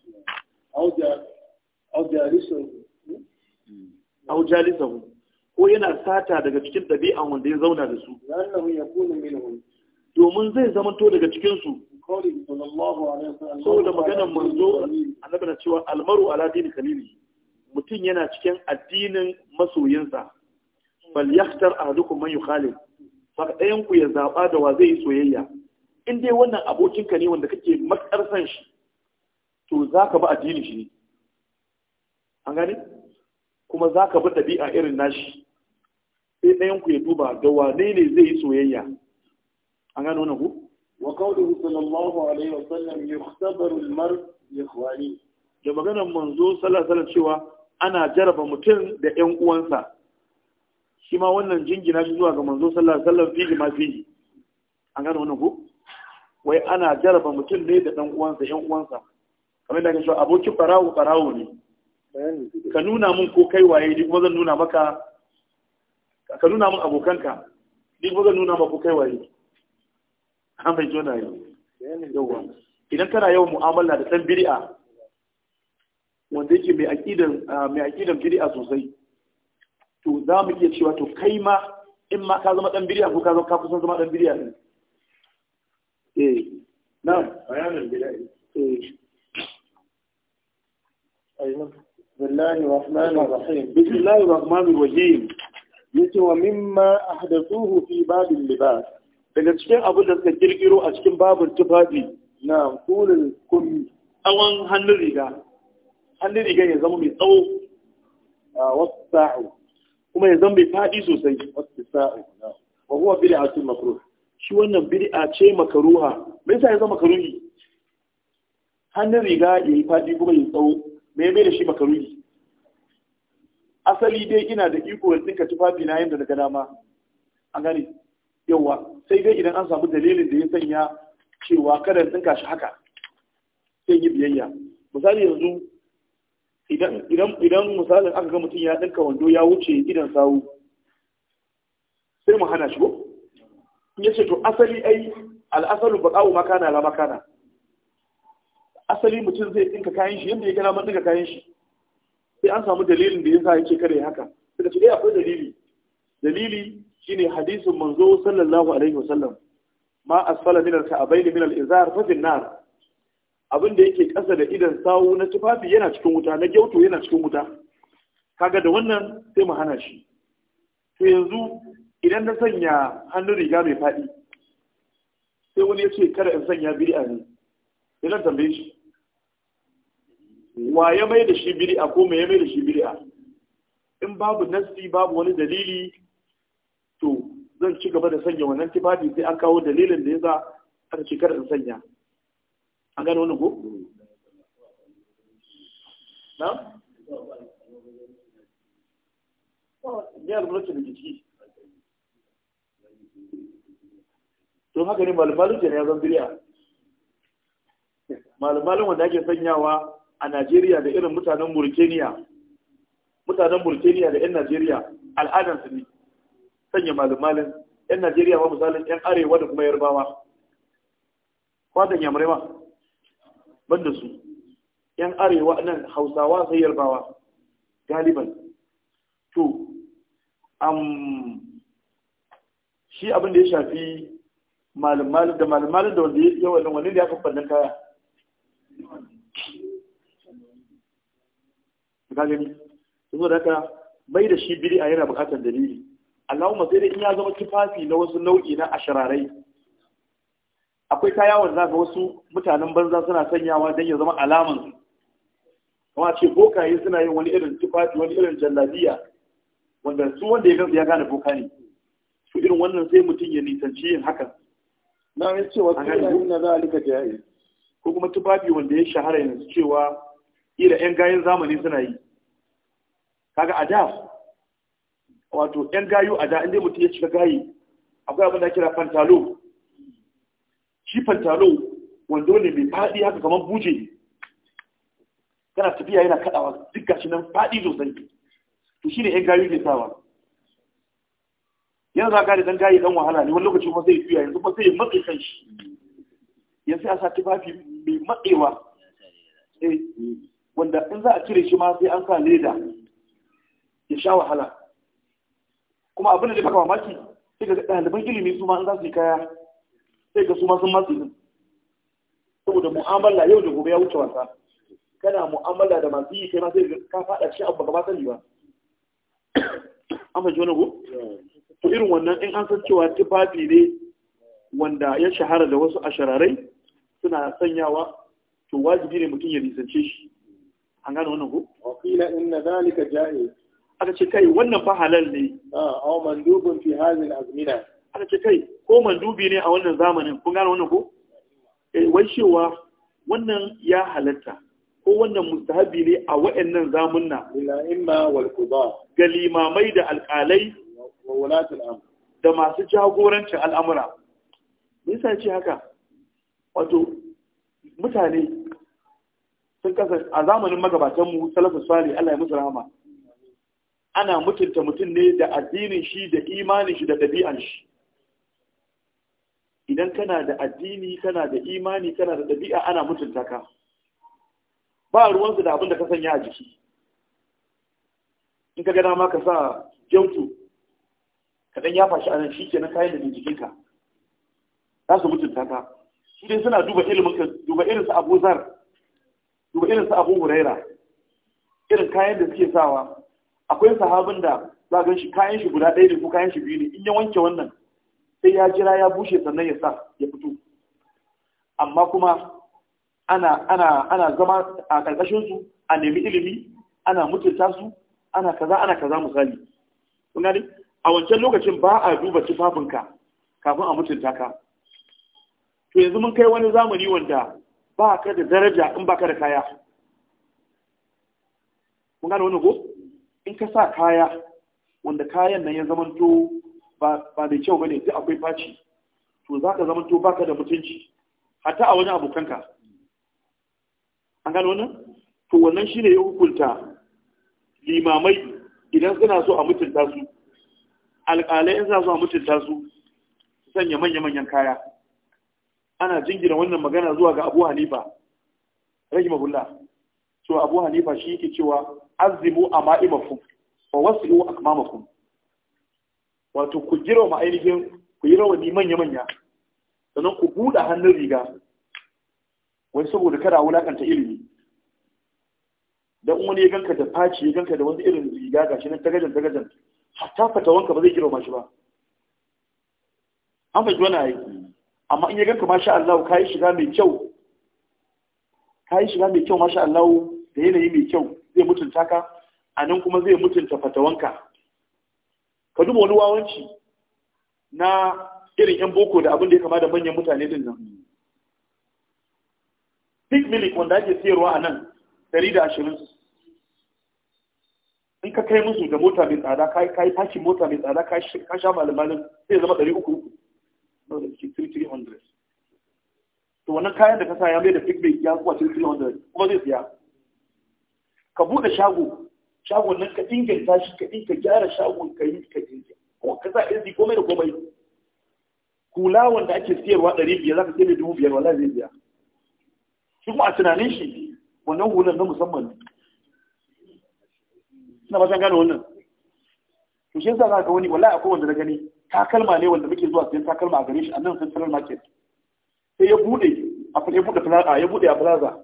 aujalisahu ko yana sata daga cikin ɗabi'an wanda ya zauna da su domin zai zamanto daga cikinsu saboda maganar manzo annabi na cewa almaru ala dini kalili mutum yana cikin addinin masoyinsa bal yahtar ahadukum man yukhalif fa ɗayan ku ya zaba da wa zai yi soyayya in dai wannan abokinka ne wanda kake makar san shi to zaka bi addini shi ne an gane kuma zaka bi ɗabi'a irin nashi sai ɗayan ku ya duba da wane ne zai yi soyayya an gano na ku wa qawluhu sallallahu alaihi wa sallam yukhtabaru al-mar bi ikhwani da maganar manzo sallallahu alaihi cewa ana jaraba mutum da ƴan uwansa shi ma wannan jingina shi zuwa ga manzo sallallahu alaihi wasallam fihi ma fihi an gano wannan ku wai ana jaraba mutum ne da ɗan uwansa ƴan uwansa kamar da kace abokin barawo barawo ne ka nuna mun ko kai waye ni kuma zan nuna maka ka nuna mun abokanka ni kuma zan nuna maka ko kai waye an bai jona yau yawa idan kana yawan mu'amala da ɗan bid'a wanda yake mai aqidan mai sosai to za mu iya cewa to kai ma in ma ka zama ɗan bid'a ko ka zama ka kusan zama ɗan bid'a ne eh na bayanin bid'a eh ayyuka billahi rahmanir rahim bismillahir rahmanir rahim yace wa mimma ahdathuhu fi babil libas daga cikin abin da suka girgiro a cikin babin tufafi na tulin kun tsawon hannun riga hannun riga ya zama mai tsawo a wasu sa'u kuma ya zama mai faɗi sosai wasu sa'u wa biri a cikin makaru shi wannan a ce makaruha me yasa ya zama makaruhi hannun riga ya yi faɗi kuma ya tsawo me mai da shi makaruhi asali dai ina da iko ya tsinka tufafi na da na gana ma an gane yawa sai dai idan an samu dalilin da ya sanya cewa kada tsinka shi haka sai yi biyayya misali yanzu idan misalin aka ga mutum ya ɗinka wando ya wuce idan sawu sai mu hana shi ko in yace to asali ai al'asalu baqa'u makana la makana asali mutum zai ɗinka kayan shi yadda ya gana man ɗinka kayan shi sai an samu dalilin da yasa yake kare haka daga ce dai eh, akwai dalili dalili shine hadisin manzo sallallahu alaihi wasallam ma asfala min al-ka'bayn min al-izar fa fil nar abin da yake kasa da idan sawu na tufafi yana cikin wuta na gyauto yana cikin wuta kaga da wannan sai mu hana shi to yanzu idan na sanya hannun riga mai faɗi sai wani ya ce kada in sanya bid'a ne zan tambaye shi wa ya mai da shi bid'a ko me ya mai da shi bid'a in babu nasti babu wani dalili to zan ci gaba da sanya wannan tufafi sai an kawo dalilin da ya sa aka ce da in sanya an gane wani ko na ne albarci da jiki to haka ne malumalin jana ya zan biriya malumalin wanda ake sanyawa a najeriya da irin mutanen burkeniya mutanen burkeniya da 'yan najeriya al'adansu ne sanya malumalin yan najeriya ba misalin yan arewa da kuma yarbawa kwatan yamurai ba ban da su yan arewa nan hausawa sai yarbawa galiban to am shi abin da ya shafi malumalin da malumalin da wanda ya wannan wani da ya kan fannin kaya gagani sun zo da haka bai da shi biri a yana bukatar dalili Allahumma sai dai in ya zama tufafi na wasu nau'i na ashirarai. akwai kaya wanda ga wasu mutanen banza suna sanyawa don ya zama alaman kuma ce bokaye suna yin wani irin tufafi wani irin jallabiya wanda su wanda ya gamsu ya gane boka ne su irin wannan sai mutum ya nisanci yin hakan na yi cewa tufafi na zalika jayi ko kuma tufafi wanda ya shahara yanzu cewa ira yan gayen zamani suna yi kaga a da wato yan gayu a da inda mutum ya cika gayi akwai abin da kira pantalo shi pantalo wando ne mai faɗi haka kamar buje kana tafiya yana kaɗawa duk gashi nan faɗi sosai to shi ne yan gayu ke sawa yanzu za ka ɗan dan gayi ɗan wahala ne wani lokaci kuma sai ya tuya yanzu kuma sai ya matse kan shi yanzu a sa tufafi mai matsewa eh, wanda in za a cire shi ma sai an sa leda ya sha wahala kuma abin da zai baka mamaki sai ga ɗaliban ilimi su ma in za su yi kaya sai ga su ma sun matsi saboda mu'amala yau da gobe ya wuce wasa kana mu'amala da masu yi kai ma sai ka faɗa cikin abu ba sani ba amma jona go ko to irin wannan in an san cewa tufafi ne wanda ya shahara da wasu ashararai suna sanyawa to wajibi ne mutum ya nisance shi an gane wannan ko wakila inna zalika ja'iz aka ce kai wannan fa halal ne ah, aw mandubun fi hadhihi al-azmina aka ce kai ko mandubi ne a wannan zamanin kun gane wannan ko eh wai cewa wannan ya halatta ko wannan mustahabi ne a wa'annan zamunna lil'imma wal qada ga da alƙalai wa wulatul amr da masu jagoranci al'amura me yasa ce haka wato mutane sun kasance a zamanin magabatanmu salafus salih Allah ya musu rahama ana mutunta mutum ne da addinin shi da imanin shi da ɗabi'an shi idan kana da addini kana da imani kana da ɗabi'a ana mutunta ka ba ruwansu da abinda ka sanya a jiki in ka gada ma ka sa gyautu kaɗan ya fashi anan shi na kayan da jikinka za su mutunta ka shi dai suna duba ilimin ka duba irin su abu zar duba irin su abu huraira irin kayan da suke sawa akwai sahabin da za gan shi kayan shi guda ɗaya ne ko kayan shi biyu ne in ya wanke wannan sai ya jira ya bushe sannan ya sa ya fito amma kuma ana ana ana zama a ƙarƙashin su a nemi ilimi ana mutunta su ana kaza ana kaza misali kun gani a wancan lokacin ba a duba tufafinka kafin a mutunta ka to yanzu mun kai wani zamani wanda ba ka da daraja in ba ka da kaya kun ne wani ko in ka sa kaya wanda kayan nan ya zamanto ba mai kyau bane duk akwai faci to za ka zamanto ka da mutunci hatta a wani abokanka an gano nan? to wannan shi ne ya hukunta limamai idan suna so a mutunta su alƙalai in suna so a mutunta su su sanya manya-manyan kaya ana jingina wannan magana zuwa ga abu hanifa rage so abu hanifa shi yake cewa azimu ama'imakum wa a akmamakum wato ku jira wa ainihin ku yi rawani manya manya sannan ku buɗe hannun riga wai saboda kada wulakanta ilimi don wani ya ganka da faci ya ganka da wani irin riga gashi nan tagajan tagajan hatta wanka ba zai jira mashi shi ba an fahimci wani aiki amma in ya ganka masha Allah ka yi shiga mai kyau ka yi shiga mai kyau masha Allah da yanayi mai kyau zai mutunta ka a nan kuma zai mutunta fatawanka ka duba wani wawanci na irin yan boko da abin da ya kama da manyan mutane din nan pig milik wanda ake siyarwa a nan dari da ashirin in ka kai musu da mota mai tsada ka yi fashin mota mai tsada ka sha malamalin sai zama dari uku uku to wannan kayan da ka sa ya mai da pig milik ya kuwa 300 kuma zai siya ka buɗe shago shagon nan ka inganta shi ka ka gyara shagon ka yi ka dinga ko ka sa irin komai da komai kula wanda ake siyarwa ɗari biyar za ka sai da dubu biyar wala zai biya shi kuma a tunanin shi wannan hular na musamman ina ba san gane wannan to shi yasa za ka wani wala akwai wanda na gani takalma ne wanda muke zuwa sayan takalma a gare shi a nan central market sai ya bude a ya bude a plaza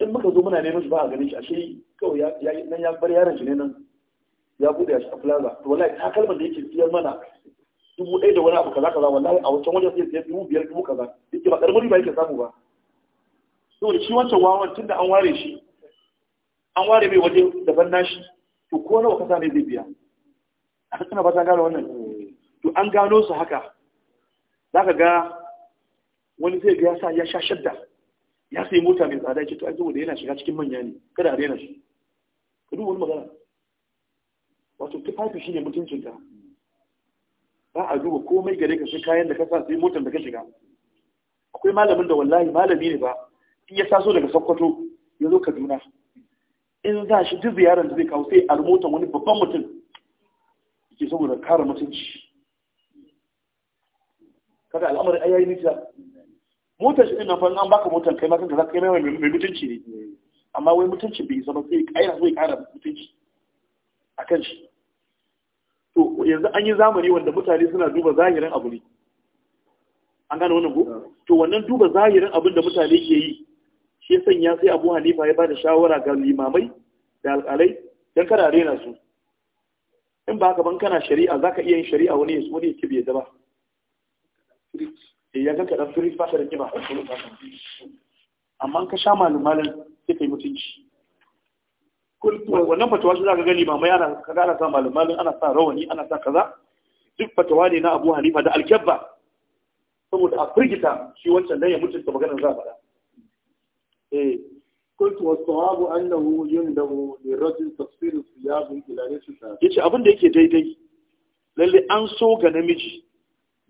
in muka zo muna neman shi ba a ganin shi ashe kawai ya nan ya bar yaron shi ne nan ya bude shi a plaza to wallahi takalman da yake siyar mana dubu ɗaya da wani abu kaza kaza wallahi a wancan wajen sai siyar dubu biyar dubu kaza yake ba ƙarfi ba yake samu ba saboda shi wancan wawan tun da an ware shi an ware mai waje daban nashi to ko nawa kasa ne zai biya a kasana ba ta gano wannan to an gano su haka za ka ga wani zai ga ya sa ya sha shadda ya sai mota mai tsada ce to ai saboda yana shiga cikin manya ne kada a daina shi ka duba wani magana wato tufafi shine mutuncinka ba a duba komai gare ka sai kayan da ka sa sai motar da ka shiga akwai malamin da wallahi malami ne ba in ya taso daga sokoto ya zo kaduna in za shi duk ziyarar da zai kawo sai a motar wani babban mutum ke saboda kare mutunci kada al'amarin ayayi nisa motar shi na fa an baka motar kai matan da za ka kai mai mai mutunci ne amma wai mutunci bai zama sai kaira zai kara mutunci akan shi to yanzu an yi zamani wanda mutane suna duba zahirin abu ne an gane wannan ko to wannan duba zahirin abin da mutane ke yi shi sanya sai Abu Hanifa ya bada shawara ga limamai da alƙalai dan kada rena su in ba ka ban kana shari'a zaka iya yin shari'a wani ya so ne ki bai da ba Eh, ya ga ka dan firis ba ka da kiba amma ka sha malin malin sai kai mutunci wannan fatawa shi za ka gani mamai ana kaga ana sa malin ana sa rawani ana sa kaza duk fatawa ne na abu halifa da alkyabba saboda a firgita shi wancan dan ya mutunta maganar za faɗa eh قلت والصواب انه يندم للرجل تصفير الثياب الى ليس yace abin da yake daidai lalle an so ga namiji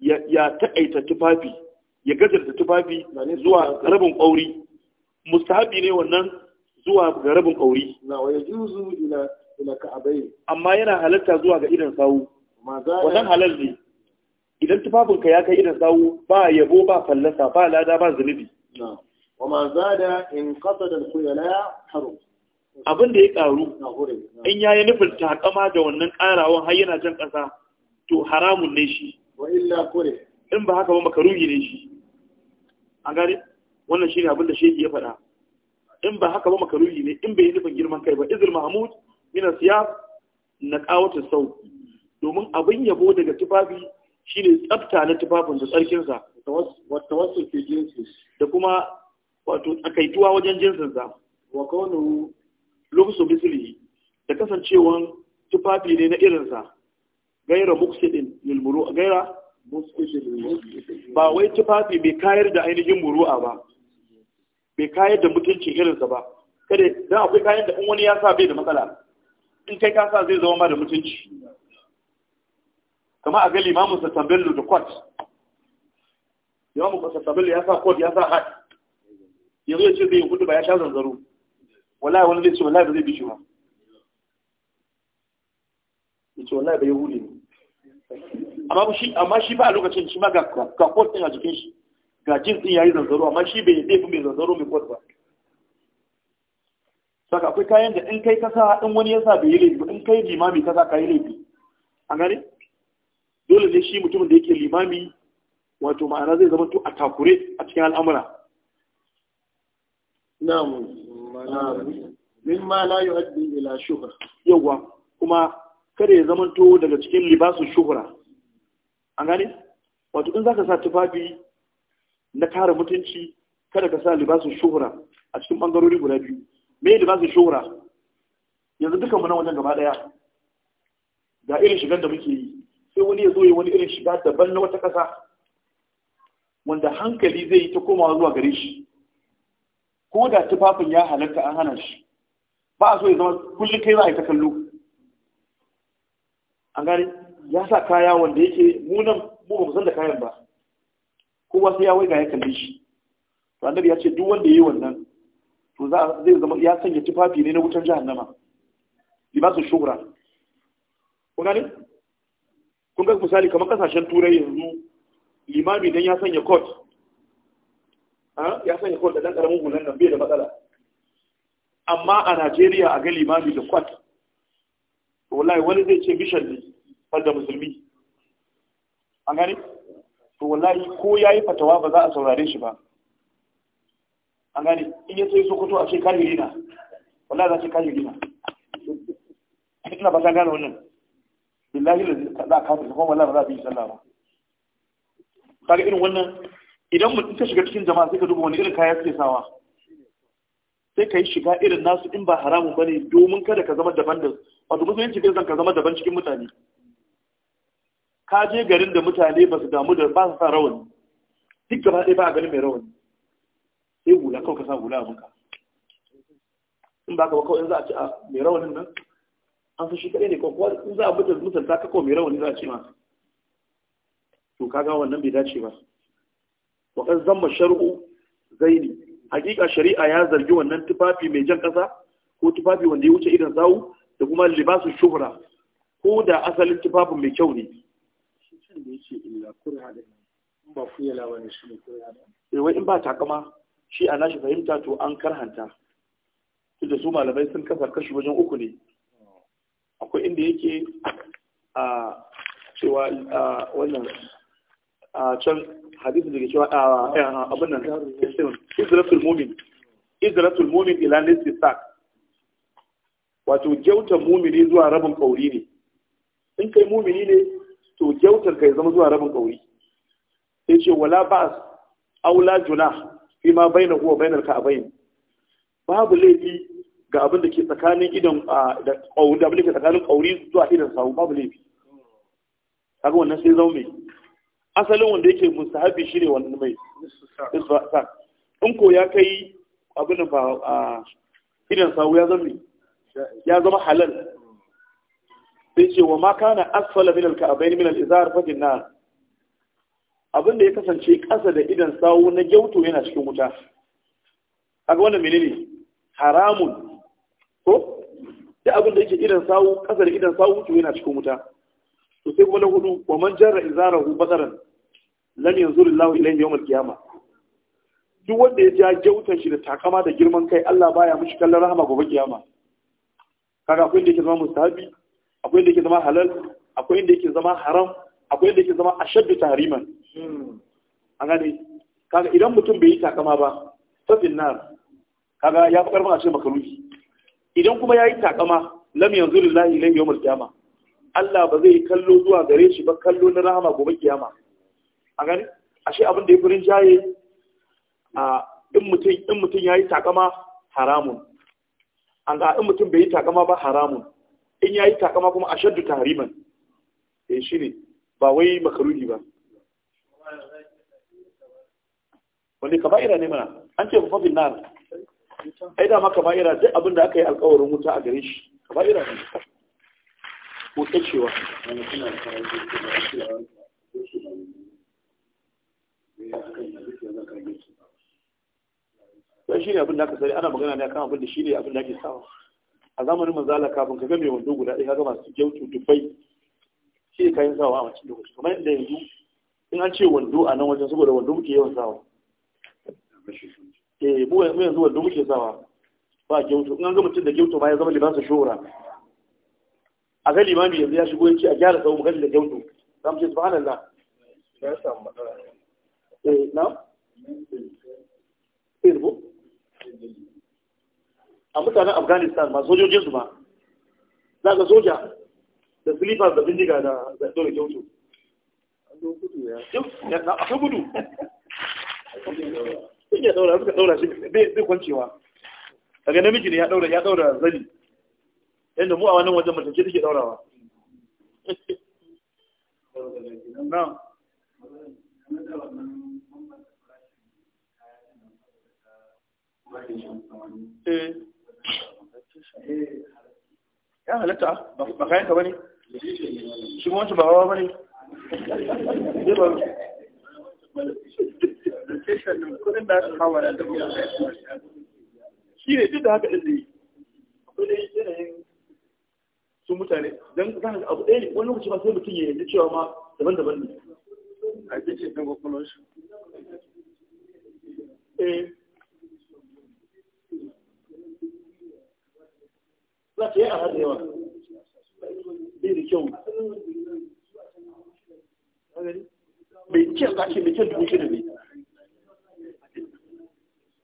ya taƙaita tufafi ya gajarta tufafi zuwa rabin ƙauri mustahabi ne wannan zuwa ga rabin ƙauri amma yana halatta zuwa ga idan sawu wannan halal ne idan tufafinka ya kai idan sawu ba yabo ba fallasa ba lada ba zunubi وما abin da ya karu in ya yi nufin takama da wannan karawan har yana jan ƙasa to haramun ne shi wa illa kure in ba haka ba makaruhi ne shi an gane wannan shi ne abin da sheki ya faɗa in ba haka ba makaruhi ne in bai yi nufin girman kai ba izil mahmud mina asiyaf na qawatu sau domin abin yabo daga tufafi shine tsafta na tufafin da tsarkinsa da kuma wato akaituwa wajen jinsinsa. sa wa kaunu lokacin mislihi da kasancewan tufafi ne na irinsa gaira muksidin lil gaira ba wai tufafi bai kayar da ainihin muru'a ba bai kayar da mutunci irinsa ba kada dan akwai kayan da in wani ya sa bai da matsala in kai ka sa zai zama ma da mutunci kama a ga limamin sa tambello da kwat limamin sa tambello ya sa kwat ya sa hat yanzu ya ce zai yi hudu ba ya sha zanzaro wallahi wani zai ce wallahi ba zai bi shi ba yace wallahi bai yahudi ne amma shi amma shi ba a lokacin shi ma ga ga kot din a jikin shi ga jin din yayi zanzaro amma shi bai dai mai zanzaro mai kot ba saka akwai kayan da in kai kasa in wani yasa bai yi laifi in kai limami kasa ka yi laifi A gani? dole ne shi mutumin da yake limami wato ma'ana zai zama to a takure a cikin al'amura na'am mimma la yu'addi ila shuhra yawa kuma kada ya to daga cikin libasun shuhura an gane wato in zaka sa tufafi na kare mutunci kada ka sa libasun shuhura a cikin bangarori guda biyu me libasun shuhura yanzu dukan mu nan wajen gaba daya ga irin shigar da muke yi sai wani ya zo ya wani irin shiga daban na wata kasa wanda hankali zai yi ta komawa zuwa gare shi ko da tufafin ya halatta an hana shi ba a so ya zama kullum kai za a yi ta kallo an gane ya sa kaya wanda yake munan mu ba san da kayan ba kowa sai ya wai ga ya kalli shi to annabi ya ce duk wanda yayi wannan to za zai zama ya sanya tufafi ne na wutar jahannama libasu shugura kun gane kun ga misali kamar kasashen turai yanzu limami dan ya sanya coat ya sanya coat da dan karamin hulan nan bai da matsala amma a Najeriya a ga limami da coat to wallahi wani zai ce mishan ne fadda musulmi an gani to wallahi ko ya yi fatawa ba za a saurare shi ba an gani in ya sai sokoto a ce kahiri na wallahi za a ce kahiri na ina ba san gane wannan billahi da za a kafin kuma wallahi ba za a bi sallah ba kaga irin wannan idan mutum ka shiga cikin jama'a sai ka duba wani irin kaya suke sawa sai ka yi shiga irin nasu in ba haramun ba ne domin kada ka zama daban da wato musulunci bai zan ka zama daban cikin mutane ka je garin da mutane ba su damu da ba su sa rawani duk gaba ɗaya ba a garin mai rawani sai hula kawai ka sa hula a ka in ba ka ba kawai za a ci a mai rawanin nan an su shi kaɗai ne kawai in za a mutu mutunta ka kawai mai rawani za a ci ma to kaga wannan bai dace ba wa kan zama shar'u zaini hakika shari'a ya zargi wannan tufafi mai jan ƙasa ko tufafi wanda ya wuce idan zawu da kuma libasu shuhura ko da asalin tufafin mai kyau ne eh, in ba takama shi a nashi fahimta to an karhanta da su malamai sun kasa kashi wajen uku ne oh. akwai inda yake a cewa wannan a can hadisin da ke cewa abin nan izratul mumin izratul mumin ila nisfi sak wato gyautar mumini zuwa rabin kauri ne in kai mumini ne to gyautar kai zama zuwa rabin kauri sai ce wala ba'as aula juna fi ma baina huwa bainar bainal ka'bayn babu laifi ga abin da ke tsakanin idan da abin da ke tsakanin kauri zuwa idan sawu babu laifi kaga wannan sai zama asalin wanda yake mustahabi shine wani mai in ko ya kai abin ba a idan sawu ya zama ya zama halal sai ce wa ma kana asfala min al-ka'bayn min al-izar fa dinnar abin da ya kasance kasa da idan sawu na gyauto yana cikin wuta kaga wannan menene haramun ko da abin da yake idan sawu kasa da idan sawu to yana cikin wuta to sai kuma na hudu wa man jarra izarahu badaran lam yanzur Allah ilayhi yawm al-qiyamah duk wanda ya ja gyautan shi da takama da girman kai Allah baya mishi kallon rahama gobe kiyama kaga akwai inda yake zama mustahabi akwai inda yake zama halal akwai inda yake zama haram akwai inda yake zama ashaddu tahriman an gane kaga idan mutum bai yi takama ba fafin nan kaga ya fi karfin a ce makaruhi idan kuma ya yi takama lam yanzu lillahi ilayhi yawm al-qiyamah Allah ba zai kallo zuwa gare shi ba kallo na rahama gobe kiyama a gani ashe abin da ya furin jaye a in mutum in mutum yayi takama haramun an ga in mutum bai yi takama ba haramun in yayi takama kuma ashaddu tahriman eh shine ba wai makaruhi ba Wani kaba'ira ne mana an ce fa bin nar ai da ma kaba'ira duk abin da aka yi alƙawarin wuta a gare shi kaba'ira ne ko ta cewa wani suna da tsacewa sai shi ne abin da aka sani ana magana ne akan abin da shi ne abin da ake sawa a zamanin manzala kafin ka game wando guda ɗaya ga masu gyautu dubbai shi ne kayan sawa a wancan lokaci kamar yadda yanzu in an ce wando a nan wajen saboda wando muke yawan sawa eh mu yanzu wando muke sawa ba gyautu in an gama mutum da gyautu ba ya zama libansa shora a ga limami yanzu ya shigo yace a gyara sau mukalli da gyautu za mu ce eh, na na irbo a mutanen afghanistan ma sojojin su ma za ka soja da silifar da bindiga da kyautu a kan gudu ya daura suka daura shi bai kwancewa daga namiji ne ya daura ya daura zani yadda mu a wani wajen mutunci take daurawa eh. ya halitta ba kayan ka ne shi kuma wancan ba hawa ba ne da shi ne duk da haka ɗin da yi yanayin su mutane don za a abu ɗaya wani lokaci ba sai mutum ya yanzu cewa ma daban-daban ne a ce ce kan kwakwalwar shi eh za ka yi a hada yawa bai da kyau mai kyau za ce mai kyau dubu shida ne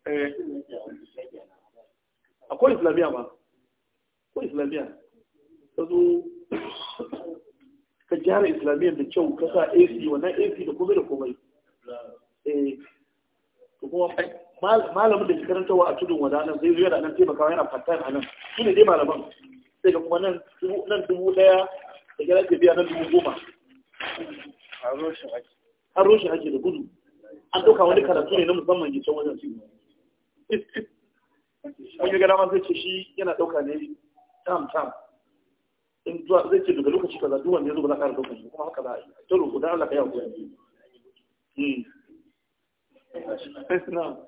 eh. akwai islamiyya ma akwai islamiyya ka zo ka gyara islamiyyar da kyau ka sa ac wannan ac da kome da komai eh, kuma malamin da ke wa a tudun wadanan zai zo yana nan taimaka yana part-time a nan su ne dai malaman sai ga kuma nan dubu daya da gyara ke biya nan dubu goma har roshi ake da gudu an ɗauka wani karatu ne na musamman ke can wajen su wani gada ma zai ce shi yana ɗauka ne tam tam in zuwa zai ce daga lokaci kaza duk wanda ya zo ba za ka ɗaukar shi kuma haka za a yi ta roƙo dan Allah ka yi hakuri na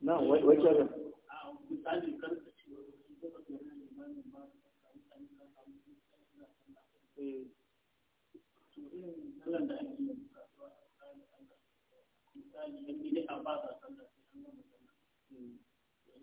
na wai wai kaza misali hmm.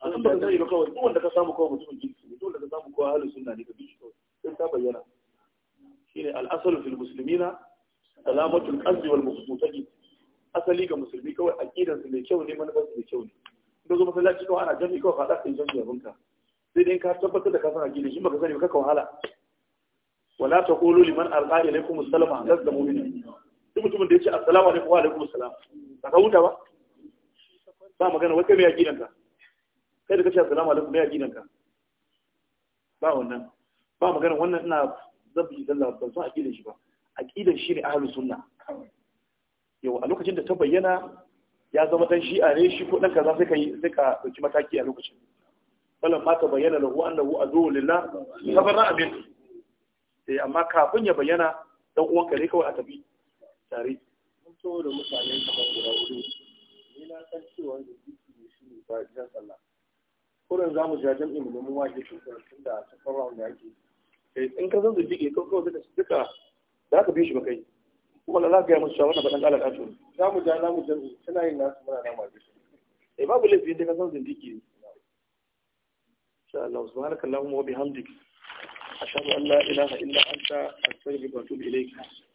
a kan baka sani ba kawai duk wanda ka samu kawai mutumin kirki ne duk wanda ka samu kawai ahlus sunna ne ka bi shi kawai sai ta bayyana Shi ne asalu fil muslimina salamatul qalbi wal mutaqi asali ga musulmi kawai aqidan su mai kyau ne manufar su mai kyau ne in ka zo masallaci kawai ana jami'i kawai fada kai jami'i abin ka sai dai ka tabbatar da ka san aqidan shi baka sani ba ka wahala wala taqulu liman alqa ilaykum assalama lasta mu'minin duk mutumin da ya ce assalamu alaikum wa alaikum assalam ba ka huta ba ba magana wai kai mai aqidan ka kai da kashi assalamu alaikum a aqidan ka ba wannan ba magana wannan ina zabi sallah ban san aqidan shi ba aqidan shi ne ahlus sunna yau a lokacin da ta bayyana ya zama dan shi ne shi ko dan kaza sai sai ka dauki mataki a lokacin falan ma ta bayyana lahu annahu aduwwu lillah tabarra min eh amma kafin ya bayyana dan uwan kare kawai a tafi tare mun so da mutane kamar guda hudu ni na san cewa da shi ne ba jan sallah kurin za mu ja jam'in mu domin wake tun tun da cikin rawun da ake eh, in ka zan zubi ke kawai duka duka za ka bi shi ba kuma da za ka yi musu shawara ba dan kala kato za mu ja za mu jam'i suna yin nasu mana na maje eh babu laifi da ka zan san zindiki insha Allah subhanaka allahumma wa bihamdik ashhadu an la ilaha illa anta astaghfiruka wa atubu ilayk